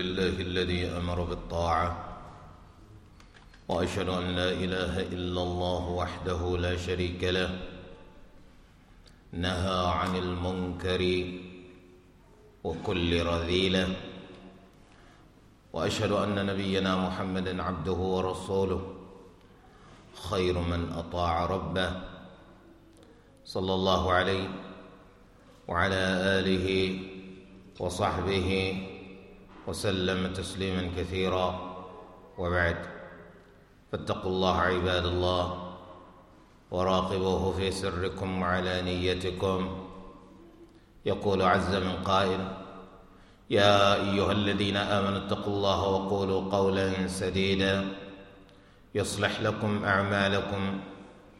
لله الذي امر بالطاعه واشهد ان لا اله الا الله وحده لا شريك له نهى عن المنكر وكل رذيله واشهد ان نبينا محمدا عبده ورسوله خير من اطاع ربه صلى الله عليه وعلى اله وصحبه وسلم تسليما كثيرا وبعد فاتقوا الله عباد الله وراقبوه في سركم وعلى نيتكم يقول عز من قائل يا ايها الذين امنوا اتقوا الله وقولوا قولا سديدا يصلح لكم اعمالكم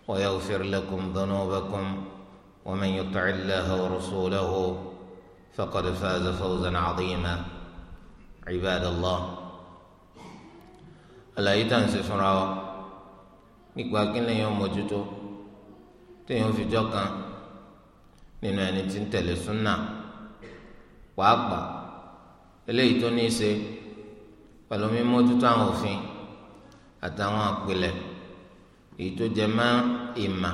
ويغفر لكم ذنوبكم ومن يطع الله ورسوله فقد فاز فوزا عظيما Ibadallah àlàyé tá à ń ṣe fúnra wa nípa kílẹ̀ fi kan nínú ẹni tí ń pàápàá eléyìí tó ní í ṣe pẹ̀lú mímójútó àtàwọn àpilẹ̀ èyí tó jẹ mọ́ ìmà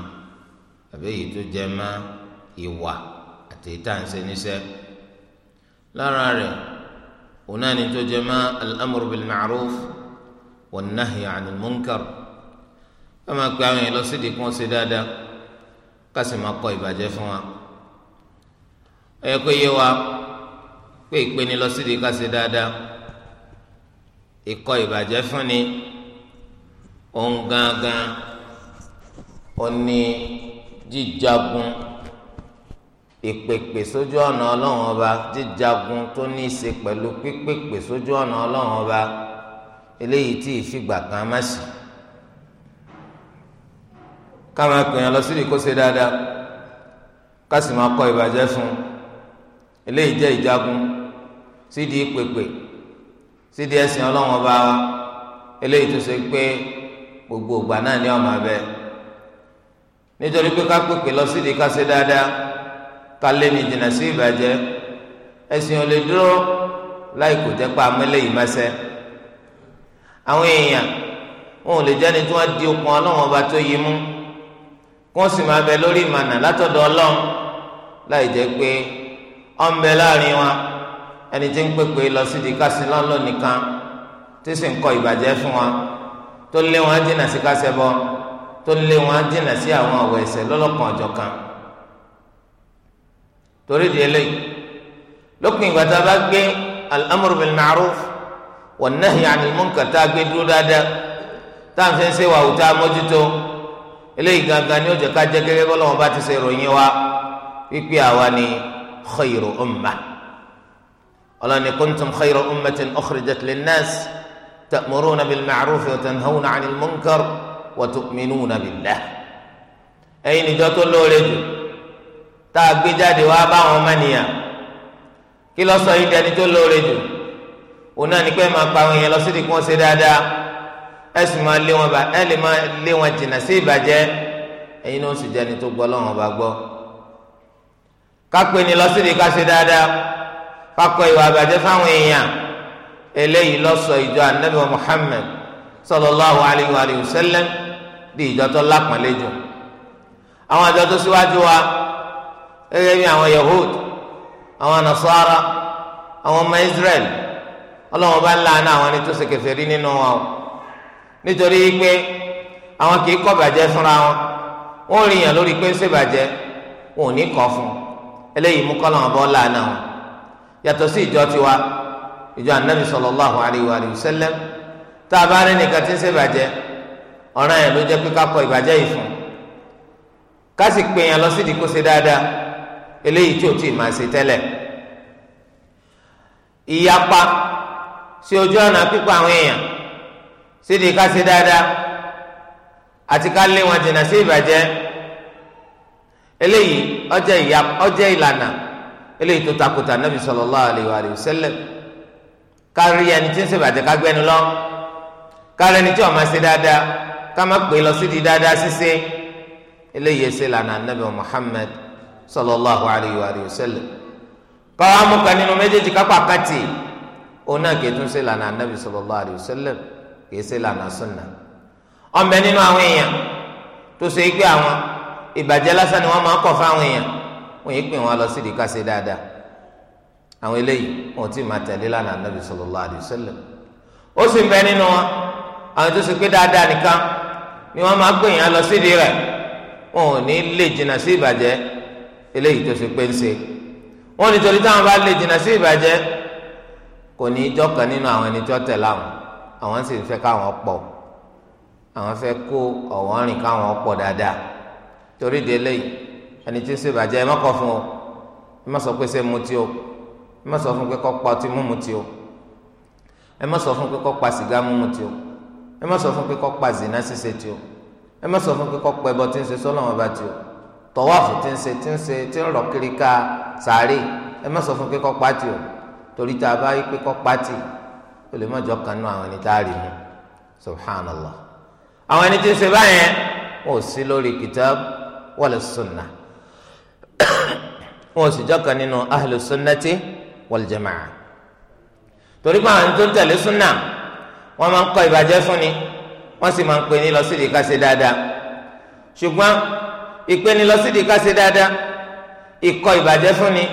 àbí èyí tó jẹ mọ́ ìwà àti onani tó jẹ mọ́ al-amru bil-ma'ruf wan-nahyi 'anil munkar wọn máa pe àwọn yẹn lọ sídìí kí wọn ṣe dáadáa ká sì máa kọ ìbàjẹ́ fún wa ẹ kó yé wa pé ìpeni lọ sídìí ká ṣe dáadáa ìkọ ìbàjẹ́ fún ni òun gangan ó jíjagun ìpèpè sójú ọ̀nà ọlọ́run ọba jíjagun tó ní í ṣe pẹ̀lú pípèpè sójú ọ̀nà ọlọ́run ọba eléyìí tí ìfìgbà kan má sí. ká máa pè yàn lọ sídìí kó ṣe dáadáa ká sì máa kọ ìbàjẹ́ fún un eléyìí jẹ́ ìjagun sídìí ìpèpè sídìí ẹ̀sìn ọlọ́run ọba wa eléyìí tó ṣe pé gbogbo ìgbà náà ni ọmọ abẹ nítorí pé ká pèpè lọ sídìí ká ṣe dáadáa kálé ní ìdènà sí ìbàjẹ́ ẹ̀sìn ò lè dúró láì kò jẹ́ pa amẹ́lẹ́ yìí mẹ́sẹ́ àwọn èèyàn wọn ò lè jẹ́ni tí wọ́n di okun ọlọ́run ọba tó yí mú kí wọ́n sì máa bẹ lórí ìmọ̀nà látọ̀dọ̀ ọlọ́run láì jẹ́ pé ọ̀n bẹ láàrin wa ẹni tí ń pèpè lọ sí di kásí lọ́nlọ́ nìkan tí sì ń kọ ìbàjẹ́ fún wa tó lé wọn jìnnà sí kásẹ̀ tó lé wọn jìnnà sí àwọn ọ̀wọ̀ ẹ̀ṣẹ̀ lọ́lọ́kan ọ̀jọ̀kan torí di eléyìí lópin ìgbà tá a bá gbé al-amru bil ma'ruf wan nahyi 'anil munkar tá a gbé dúró dáadáa tá a fi ń ṣe wà wùtá mójútó eléyìí gangan ni ó jẹ ká jẹ gẹ́gẹ́ bọlọ wọn bá ti ṣe ròyìn wa wípé àwa ni khayru umma ọlọ́ni kuntum khayra ummatin ukhrijat linnas ta'muruna bil ma'ruf wa tanhawna 'anil munkar wa tu'minuna billah ẹ̀yin ìjọ tó lóore jù tá a gbé jáde wá báwọn ọmọnìyàn kí lọ sọ yìí dẹni tó lóore jù òun náà ní pé máa pa àwọn èèyàn lọ sídìí kí wọ́n ṣe dáadáa ẹ sì máa lé wọn bá ẹ lè máa lé wọn jìnnà sí ìbàjẹ́ ẹ̀yin náà sì jẹni tó gbọ́ lọ́wọ́n bá gbọ́ kápẹ́ lọ sídìí ká ṣe dáadáa kakọ ìwà àbàjẹ́ fáwọn èèyàn eléyìí lọ́sọ̀ ìjọ anabi wa sallallahu alayhi wa sallam di ìjọ tó lápọ̀nlé jù àwọn àjọ tó síwájú wa gẹ́gẹ́ bí àwọn Yahud àwọn Nasara àwọn ọmọ Israel ọlọ́wọ́n bá ń láàánú àwọn ẹni tó ṣe kèfèrí nínú wọn o nítorí pé àwọn kì í kọ́ bàjẹ́ fúnra wọn wọn ò rìyàn lórí pé ń ṣèbàjẹ́ wọn ò ní kọ́ fún eléyìí mú kọ́lọ́wọ́n bọ́ láàánú wọn yàtọ̀ sí ìjọ tiwa ìjọ anabi sallallahu alayhi wa sallam tá a bá rí nìkan tí ń ṣèbàjẹ́ ọ̀ràn yẹn ló jẹ́ pé ká kọ ìbàjẹ́ yìí fún ká sì pè yẹn lọ sídìí kó ṣe dáadáa eléyìí tí o ti máa ṣe tẹ́lẹ̀ ìyapa sí ojú ọ̀nà pípa àwọn èèyàn sídìí ká ṣe dáadáa àti ká lé wọn jìnnà sí ìbàjẹ́ eléyìí ọjẹ́ ìyá ọjẹ́ ìlànà eléyìí tó takùtà nàbì sallallahu alaihi wa sallam kárí ẹni tí ń ṣe ìbàjẹ́ ká gbẹ́nu lọ kárí ẹni tí ó máa ṣe dáadáa ká má pè lọ sídìí dáadáa ṣíṣe eléyìí ṣe lànà nàbì Muhammad. sallallahu alayhi wa sallam káwá mú kan nínú méjèèjì kápá kàtì òun náà kì lànà anabi sallallahu alayhi wa sallam lànà sunna nínú àwọn èèyàn tó ṣe àwọn ìbàjẹ́ lásán ni wọ́n máa ń kọ̀ fáwọn èèyàn wọ́n yìí pè wọ́n lọ dáadáa àwọn eléyìí máa tẹ̀lé sallallahu alayhi wa sallam ó sì nínú wọn àwọn tó nìkan ni wọ́n máa eléyìí tó ṣe pé ń ṣe wọn nítorí táwọn bá lè jìnnà sí ìbàjẹ́ kò ní í jọkàn nínú àwọn ẹni tó tẹ̀ láwọn àwọn sì ń fẹ́ káwọn pọ̀ àwọn fẹ́ kó ọ̀wọ́n rìn káwọn pọ̀ dáadáa torí de eléyìí ẹni tí ń ṣe ìbàjẹ́ ẹ má kọ̀ fún o ẹ má sọ pé ṣe mu tí o ẹ má sọ fún pé kọ́ pa ọtí mímu tí o ẹ má sọ fún pé kọ́ pa sìgá mímu tí o ẹ má sọ fún pé kọ́ pa zina ṣíṣe tí o ẹ má sọ fún pé kọ́ pa ẹbọ tí ń ṣe sọ́lọ́wọ́n bá tí o tọwáfù tí ń ṣe tí ń ṣe tí ń rọ kiri ká sáré ẹ má sọ fún pé kọ́ pátì o torí tá a bá yí pé kọ́ pátì o lè má jọ kanú àwọn ẹni tá a rí mu subhanallah àwọn ẹni tí ń ṣe báyẹn wọn ò sí lórí kitab wala sunnah wọn ò sì jọ kan nínú ahlu sunnati wal jama'a torí pé àwọn tó ń tẹ̀lé súnà wọn máa ń kọ ìbàjẹ́ fún ni wọn sì máa ń pè ní lọ sí ìdíkàṣe dáadáa ṣùgbọ́n. ìpeni lọ sídìí ká ṣe dáadáa ìkọ̀ ìbàjẹ́ fún ni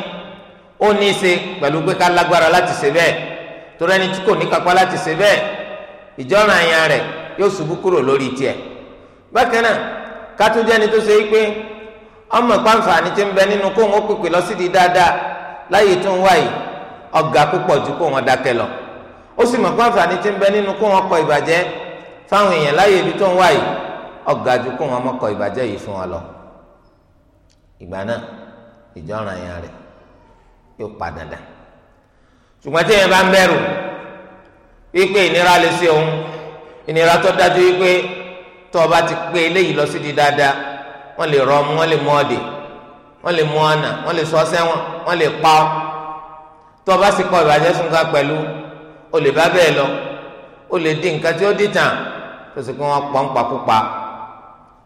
ó ní í ṣe pẹ̀lú pé ká lágbára láti ṣe bẹ́ẹ̀ torí ẹni tí kò ní kápá láti ṣe bẹ́ẹ̀ ìjọ́ra ẹ̀yàn rẹ̀ yóò ṣubú kúrò lórí tiẹ̀ bákan náà ká tún tó ṣe ọmọ pàǹfààní ti ń bẹ nínú kóhùn ó pèpè lọ sídìí dáadáa láyé tó ń ju dákẹ́ lọ ó sì mọ̀ pàǹfààní ti ń bẹ nínú kóhùn ọkọ̀ ìbàjẹ́ fáwọn èèyàn láyé ibi tó ń wá yìí ju ìgbà náà ìjọra yẹn rẹ yóò pa dandan ṣùgbọ́n tí yẹn bá ń bẹ̀rù wípé ìnira lè ṣe òun ìnira tó dájú wípé tó o bá ti pé eléyìí lọ sí di dáadáa wọ́n lè rọ ọmú wọ́n lè mú ọdẹ wọ́n lè mú ọ̀nà wọ́n lè sọ sẹ́wọ̀n wọ́n lè pa ọ́ tó o bá sì kọ́ ìbàjẹ́ sunka pẹ̀lú o lè bá bẹ́ẹ̀ lọ o lè di nǹkan tí ó dì tó sì kí wọ́n pọ̀ ń pa púpa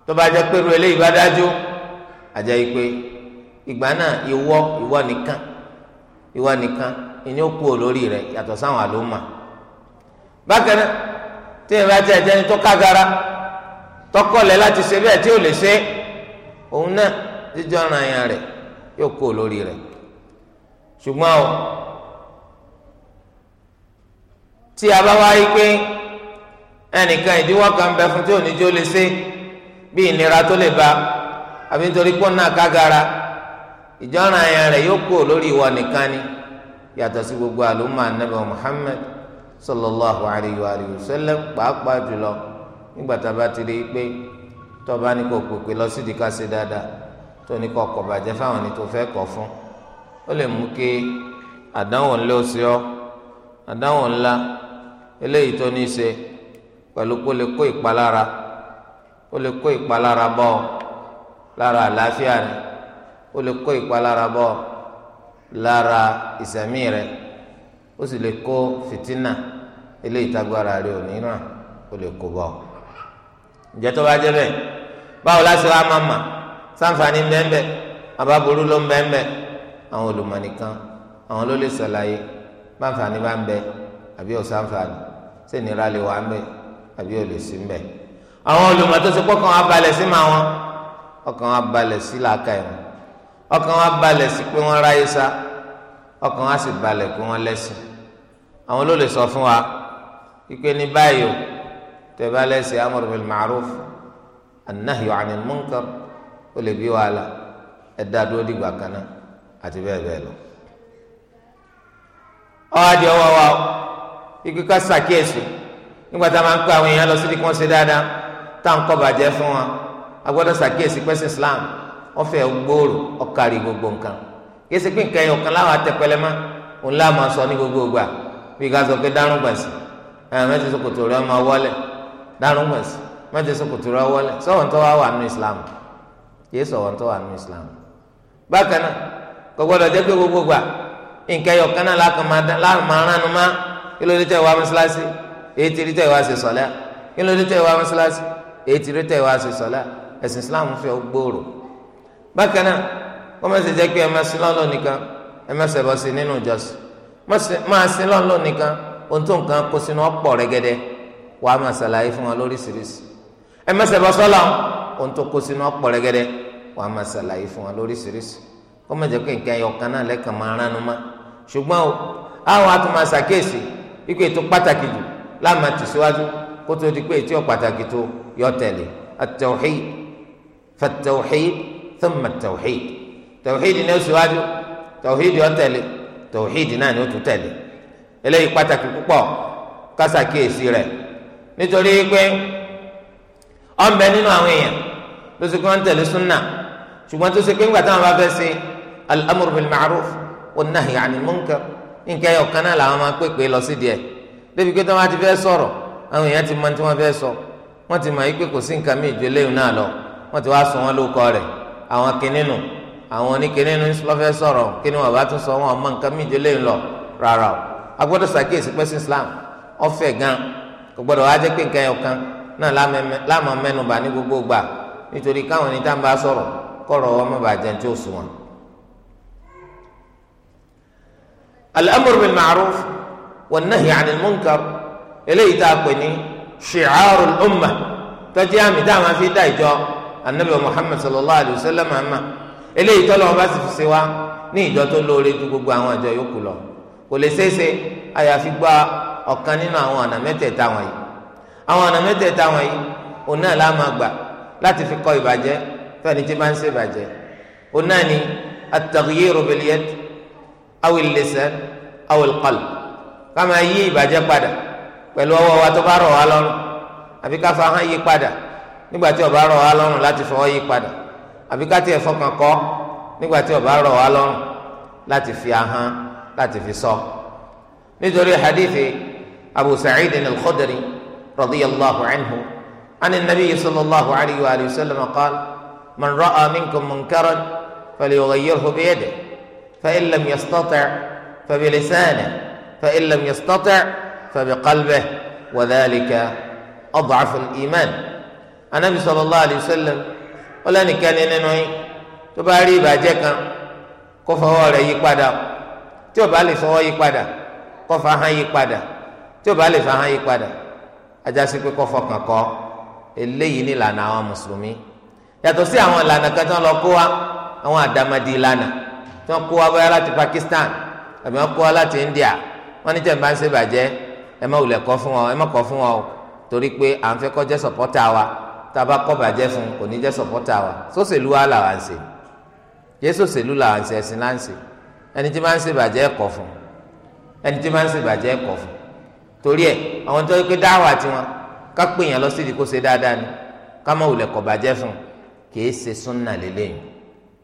tó bá jẹ́ pé irú eléyìí bá dájú. àjẹ́ ìpè ìgbà náà ìwọ ìwọ nìkan ìwọ nìkan ìní ó kú olórí rẹ yàtọ̀ sáwọn àlómà bákan náà tí ìrìn àti ẹ̀jẹ̀ ni tó kágara tọkọlẹ̀ láti ṣe bẹ́ẹ̀ tí ò lè ṣe òun náà koo ara yẹn rẹ̀ yóò kú olórí rẹ̀ ṣùgbọ́n o tí a bá wáyé pé ẹnìkan ìdíwọ́ kan bẹ fún tí ò ní jó lè ṣe bí ìnira tó lè ba. àbí nítorí pọ́ náà kágara ìjọ́ra ẹ̀yàn rẹ̀ yóò kú lórí ìwọ ni yàtọ̀ sí gbogbo àlùmọ́ ànábì Muhammad sallallahu alayhi wa sallam pàápàá jùlọ nígbà tá a bá ti rí i pé tọ́ba ní kò pèpè lọ sídìí ká ṣe dáadáa tó ní kọ́ kọ̀ fáwọn ẹni tó fẹ́ kọ́ fún ó lè mú kí lára àlàáfíà ni ó lè kó ìpalára bọ́ lára ìsẹ̀mí rẹ ó sì lè kó fìtínà ilé ìtagbára rẹ òní náà ó lè kó bọ́ ǹjẹ́ tó bá jẹ́ bẹ́ẹ̀ báwo láti wá máa mà sáǹfààní bẹ́ẹ̀ ababurú ló ń bẹ́ẹ̀ àwọn olùmọ̀nìkan àwọn ló lè sọ̀láyé báǹfààní bá ń bẹ àbí ọ̀sánfààní sẹ́ni ra wà ń bẹ àbí ò lè sí ń bẹ àwọn olùmọ̀ tó ti pọ́kàn abalẹ̀ sí màá wọn ọkàn wa balẹ̀ sí làákà ìwọ̀n ọkàn wa balẹ̀ sí pé wọ́n ráyé sá ọkàn wa sì balẹ̀ pé wọ́n lẹ́sìn àwọn ló lè sọ fún wa ìpè ní báyìí o tẹ̀bá lẹ́sìn amru bil ma'ruf annahyu 'anil munkar ó lè bí wàhálà ẹ̀dá dúró dìgbà kan àti bẹ́ẹ̀ bẹ́ẹ̀ lọ. ọ̀hádìí ọwọ́ wa ìpè ká sàkíyèsí nígbà tá a máa ń pè àwọn èèyàn lọ sí ibi kí wọ́n ṣe dáadáa tá à ń kọ́ bàjẹ́ fún wọn agbọ́dọ̀ sàkíyèsí pẹ́sì islam ọ̀fẹ́ gbòòrò ọ̀kàrí gbogbo nǹkan yéésì pé nǹkan ẹ̀yọ̀ kan láwọn atẹ́pẹ́lẹ́ mọ́ òun láà máa sọ ní gbogbo ìgbà bí ká sọ pé dárún gbàsì mẹ́tẹ̀ sọ̀kòtò rẹ̀ máa wọlé dárún gbàsì mẹ́tẹ̀ sọ̀kòtò rẹ̀ wọlé sọ̀wọ́n tó wà wà nù islam yéé sọ̀wọ́n tó wà nù islam bákan náà kò gbọ́dọ̀ jẹ́ pé gbogbo ìgbà nǹkan ẹ̀yọ̀ kan náà láàmú aránu má kí ló dé tẹ̀ wá mọ́sálásí èyí ti rí tẹ̀ wá sí sọ̀lá kí ló dé tẹ̀ wá mọ́sálásí èyí ti rí tẹ̀ wá sí sọ̀lá ẹ̀sìn islam fẹ́ gbòòrò bákan náà wọ́n máa ṣe jẹ́ pé ẹ máa sin lọ́lọ́ nìkan ẹ máa ṣẹ̀bọ̀ sí nínú ìjọsìn máa sin lọ́lọ́ nìkan ohun tó nǹkan kó sínú ọ̀pọ̀ rẹ́gẹ́dẹ́ wàá máa ṣàlàyé fún wa lóríṣiríṣi ẹ máa ṣẹ̀bọ̀ sọ́lọ́ ohun tó kó sínú ọ̀pọ̀ rẹ́gẹ́dẹ́ wàá máa ṣàlàyé fún wa lóríṣiríṣi kó má jẹ́ pé nǹkan ẹyọ kan náà lẹ́kàn máa ránu má ṣùgbọ́n o àwọn a tún máa ṣàkíyèsí ikú ètò pàtàkì jù láàmà tẹ̀síwájú kó tó di pé ètò pàtàkì tó yọ tẹ̀lé at فالتوحيد ثم التوحيد توحيد ni ó ṣíwájú توحيد ó tẹ̀lé توحيد náà ni ó tún tẹ̀lé eléyìí pàtàkì púpọ̀ ká ṣàkíyèsí rẹ̀ nítorí pé ọ̀nbẹ nínú àwọn èèyàn ló ṣe kí wọ́n ń tẹ̀lé súnà ṣùgbọ́n tó ṣe pé ńgbà táwọn bá fẹ́ ṣe al-amru bil-ma'ruf wan-nahyi 'anil-munkar nǹkan ẹ̀yọ̀ kan náà làwọn máa ń pèpè lọ sí díẹ̀ débi pé táwọn ti fẹ́ sọ̀rọ̀ àwọn èèyàn ti mọ tí wọ́n fẹ́ sọ wọ́n ti mọ̀ yí pé kò sí nǹkan mìíràn ju eléyìí náà lọ wọ́n ti wá sọ wọn lóko rẹ̀ àwọn kìnnìún àwọn oníkìnnìún lọ́fẹ́ sọ̀rọ̀ kí ni wọ́n bá tún sọ wọn ọmọ nǹkan mìíràn lè lọ rárá o a gbọ́dọ̀ ṣàkíyèsí pẹ́sìn Islam ọ̀fẹ́ gan kò gbọ́dọ̀ wá jẹ́ pé nǹkan ẹ̀yọ̀kan náà láàmú mẹ́nuba ní gbogbo gbà nítorí káwọn ẹni tá à ń bá sọ̀rọ̀ kọ̀rọ̀ ọmọ tí ó sùn wọn. al-amru bil ma'ruf wan-nahyi 'anil munkar eléyìí tá a pè ní shi'arul ummah tọ́jú àmì tá fi dá ìjọ anabi muhammed sallallahu alayhi wa sallam ama eléyìí tọ́lọ́ wọn bá sì fi ṣe wá ní ìjọ tó lóore ju gbogbo àwọn àjọ yòókù lọ kò lè ṣeéṣe àyàfi gba ọ̀kan nínú àwọn ọ̀nà mẹ́tẹ̀ẹ̀ta wọ̀nyí àwọn ọ̀nà mẹ́tẹ̀ẹ̀ta wọ̀nyí òun náà lá máa gbà láti fi kọ ìbàjẹ́ fẹ́ni tí bá ń ṣe ìbàjẹ́ òun ni at-taghyiru bil-yad aw al-lisan yí ìbàjẹ́ padà pẹ̀lú ọwọ́ wa tó bá rọ̀ wá lọ́rùn àbí ká hàn yí padà nígbà tí ó bá rọ̀ wá lọ́rùn láti fọwọ́ yí padà àbí ká tiẹ̀ fọkàn kọ́ nígbà tí ó bá rọ̀ wá lọ́rùn láti fi ahọ́n láti fi sọ. nítorí hadithi abu sa'id al-khudri radiyallahu anhu ani nabi sallallahu alayhi wa sallam qaal man ra'a minkum munkaran falyughayyirhu biyadihi fa'in lam yastati' fabilisanihi fa'in lam yastati' fabiqalbihi wa dhalika ad'afu al-iman. anabi sallallahu alayhi wa sallam ó lẹ́nìkẹ́ni nínú yín tó bá rí ìbàjẹ́ kan kó fọwọ́ rẹ̀ yí padà tí o bá lè fọwọ́ yí padà kó fa hàn yí padà tí ò bá lè fa hàn yí padà ajásí pé kó fọkàn eléyìí àwọn mùsùlùmí lọ kó wa àwọn àdàmàdì tí kó wa Pakistan àbí India ní tẹ̀ ń bá ń ṣe ẹ má wulẹ̀ kọ́ fún wọn ẹ taba kọ́ bàjẹ́ fún kò ní jẹ́ sọ̀pọ́tà wa sóṣèlú wa là wà ń ṣe yéé sóṣèlú là wà ń ṣe ẹ̀sìn là ń ṣe ẹni tí máa ń ṣe bàjẹ́ ẹ̀kọ́ fún ẹni tí máa ń ṣe bàjẹ́ ẹ̀kọ́ fún torí ẹ̀ àwọn tó pé dáhùn àti wọn ká pè lọ sí ìdí kó ṣe dáadáa ni ká wulẹ̀ kọ́ bàjẹ́ fún kìí ṣe súnà lélẹ́yìn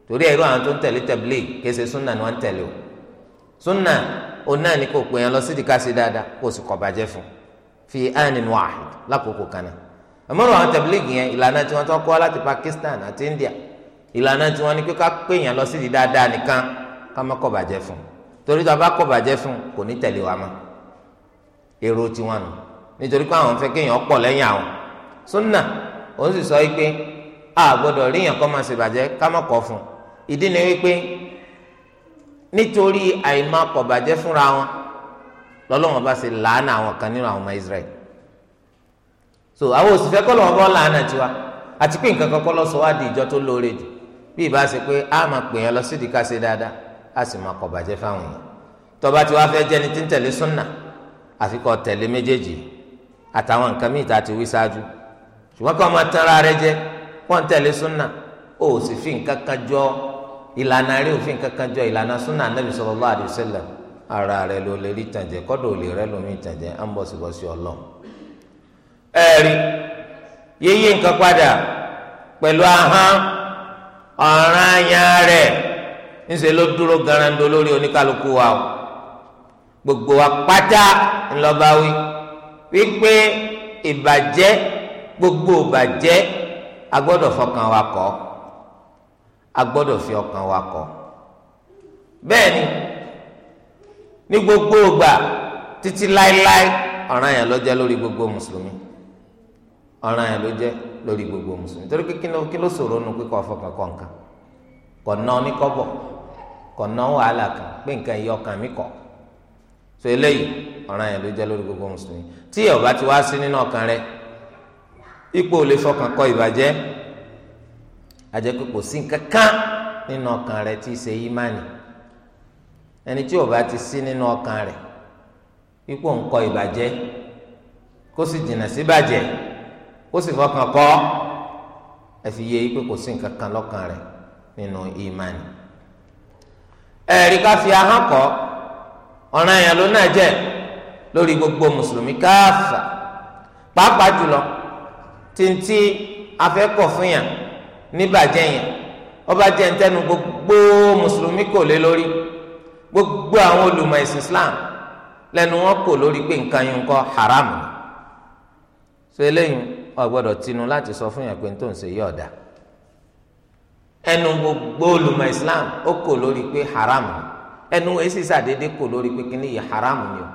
torí ẹ̀ irú àwọn tó ń tẹ̀lé tẹ̀blé kìí ṣe súnà ni wọ́n tẹ̀lé o súnà òun ni kò pè yàn lọ sí ìdí ká ṣe dáadáa kó sì kọ́ bàjẹ́ fún fi áàní wàhid àmọ́ràn àwọn tẹ̀blígì yẹn ìlànà tí wọ́n kọ́ láti Pakistan àti India ìlànà tí wọ́n ní pé ká pè yàn lọ sídìí dáadáa nìkan ká má bàjẹ́ fún torí tó a bá kọ̀ bàjẹ́ fún kò ní tẹ̀lé wa mọ́ èrò tiwọn nù nítorí pé a gbọ́dọ̀ kọ́ máa ká má fún ìdí ni wípé nítorí bàjẹ́ fúnra wọn lọ́lọ́wọ́n bá ṣe làánà àwọn kan nínú so àwọn òsìfẹ́ kọ́ lọ́wọ́ bọ́ làánà tiwa àti pé nǹkan kan kọ́ lọ́ sọ wá di ìjọ tó lóore jù a máa pè yẹn lọ sí ìdíkà ṣe dáadáa a sì máa kọ̀ bàjẹ́ fáwọn yẹn tọba tí wàá fẹ́ jẹ́ni tí ń tẹ̀lé súnà tẹ̀lé méjèèjì àtàwọn nǹkan míì tá a ti wí ṣáájú ṣùgbọ́n kí wọ́n máa tẹ́ra rẹ jẹ wọ́n tẹ̀lé súnà sì fi ara rẹ ló lè rí kọ́dọ̀ ò lè lómi ń ẹ̀rí yíyí nǹkan padà pẹ̀lú ahọ́n ọ̀ràn aya rẹ̀ ńṣe ló dúró garando lórí oníkálukú wa o gbogbo wa pátá ńlọbáwí wípé ìbàjẹ́ gbogbo ìbàjẹ́ a gbọ́dọ̀ fọkàn wa kọ̀ a gbọ́dọ̀ fi ọkàn wa kọ̀ bẹ́ẹ̀ ni ní gbogbo ìgbà títí láéláé ọ̀ràn yẹn ló jẹ́ lórí gbogbo mùsùlùmí ọ̀ràn yẹn ló jẹ́ lórí gbogbo mùsùlùmí torí pé kí ló ṣòro nu pé kọ́ fọkàn kọ́ nǹkan kọ́ ná oníkọ́bọ̀ kọ́ ná wàhálà kan pé nǹkan yìí ọkàn mi kọ́ so eléyìí ọ̀ràn yẹn ló jẹ́ lórí gbogbo mùsùlùmí tí ọba ti wá sí nínú ọkàn rẹ ipò ò lè fọkàn kọ́ ìbàjẹ́ àjẹ́ pé kò sí nǹkan kan nínú ọkàn rẹ tí í ṣe ìmánì ẹni tí ọba ti sí nínú ọkàn rẹ ipò ń kọ́ ìbàjẹ́ kó sì jìnnà sí bàjẹ́ ó sì fọkàn kọ́ ẹ fi yé pé kò sí nǹkan kan lọ́kàn rẹ̀ nínú ìmánì ẹ̀rí ká fi ahọ́n kọ́ ọ̀ràn èèyàn ló náà jẹ́ lórí gbogbo mùsùlùmí káàfà pàápàá jùlọ tìǹtì afẹ́kọ̀ fún yàn níbàjẹ́ yàn ọba jẹ́ ntẹ́nu gbogbo mùsùlùmí kò lé lórí gbogbo àwọn olùmọ̀ ẹ̀sìn Islam lẹ́nu wọn kò lórí pé nǹkan yìí ń kọ́ haram ni so ọ gbọ́dọ̀ tinú láti sọ fún yàn pé n tó ń ṣe yí ọdà ẹnu gbogbo olùmọ̀ islam ó kò lórí pé haram ẹnu èsì sàdédé kò lórí pé kíní yìí haram ni o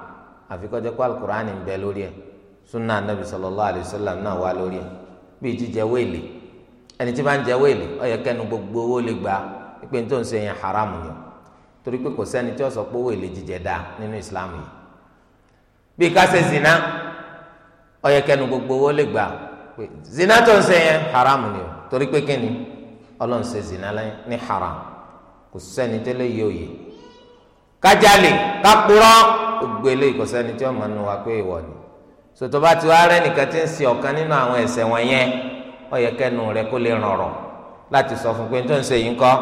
àfi kọjá kó alukur'ani ń bẹ lórí ẹ sunna anabi sallallahu alayhi wa sallam náà wà lórí ẹ bíi jíjẹ wéèlì ẹni tí bá ń jẹ wéèlì ó yẹ kẹnu gbogbo owó lè gbà pé n ṣe yẹn haram ni o torí pé kò sẹ́ni tí ó sọ pé wéèlì jíjẹ dáa nínú islam yìí bíi ká zina ó kẹnu gbogbo owó lè gbà. zina tó ń ṣe yẹn haram ni o torí pé kí ni ọlọ́run ṣe zina lẹ́yìn ní haram kò sẹ́ni tó lè yí òye kájálè kápúrọ́ gbogbo eléyìí kò sẹ́ni tí wọ́n máa nu wa pé ìwọ ni sòtò bá ti wá rẹ́ nìkan tí ń ṣe ọ̀kan nínú àwọn ẹ̀ṣẹ̀ wọn yẹn ó yẹ rẹ kó lè rọrọ̀ láti sọ fún pé tó ń kọ́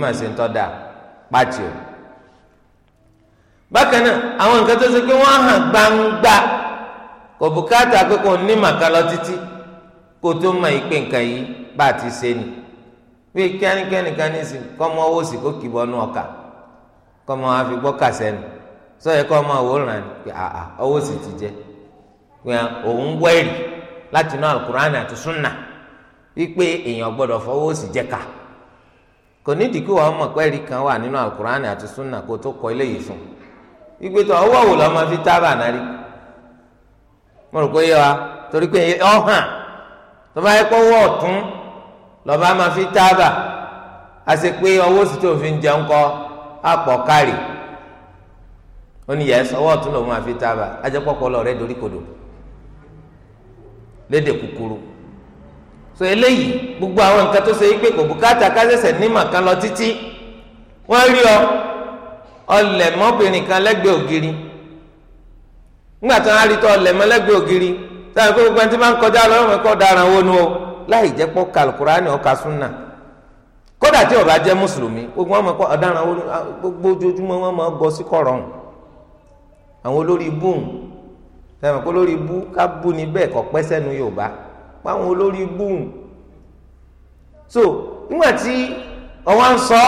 mà ń pàtì o bákan náà àwọn nǹkan tó ṣe pé wọ́n hàn gbangba kò bùkátà pé kò ní màkà lọ títí kò tó mọ ìpè nǹkan yìí bá ti ṣe ni pé kẹ́nikẹ́ni kan ní sìn kọ́mọ owó sì kó kìbọ̀ nù ọkà kọ́mọ àfi gbọ́ kàṣẹ́ ni sọ́yẹ kọ́mọ àwòrán ni pé àà owó sì ti jẹ pé òun láti inú alukur'an àti sunna wípé èèyàn gbọ́dọ̀ fọwọ́ jẹ́ka kò kan wà nínú alukur'an àti sunna kó tó kọ fún wípé fi tábà náà mo rò pé yẹ wa torí pé ọ hàn tó bá yẹ kó máa fi tábà a ṣe pé ọwọ́ sì tó fi ń jẹun kọ́ àpọ̀ kárì ó ní yẹn ọwọ́ ọ̀tún lòun máa fi tábà ajẹ́pọ̀pọ̀ lọ rẹ dorí kodò léde kúkúrú so eléyìí gbogbo àwọn nǹkan tó ṣe pé kò bùkátà nímọ̀ kan lọ títí wọ́n rí ọ ńgbà tí wọn á rí tọ́ lẹ́mọ́lẹ́gbẹ̀ẹ́ ògiri sábà pé gbogbo ẹni tí wọn kọjá lọ wọn o láì jẹ́ pọ́ kàlùkùrá ni súnà kódà tí gbogbo wọn kọ́ ọ̀daràn wọn gbogbo ojoojúmọ́ wọn gọ sí àwọn olórí sábà pé olórí bú ká bú ni olórí so tí ọwọ́ ń sọ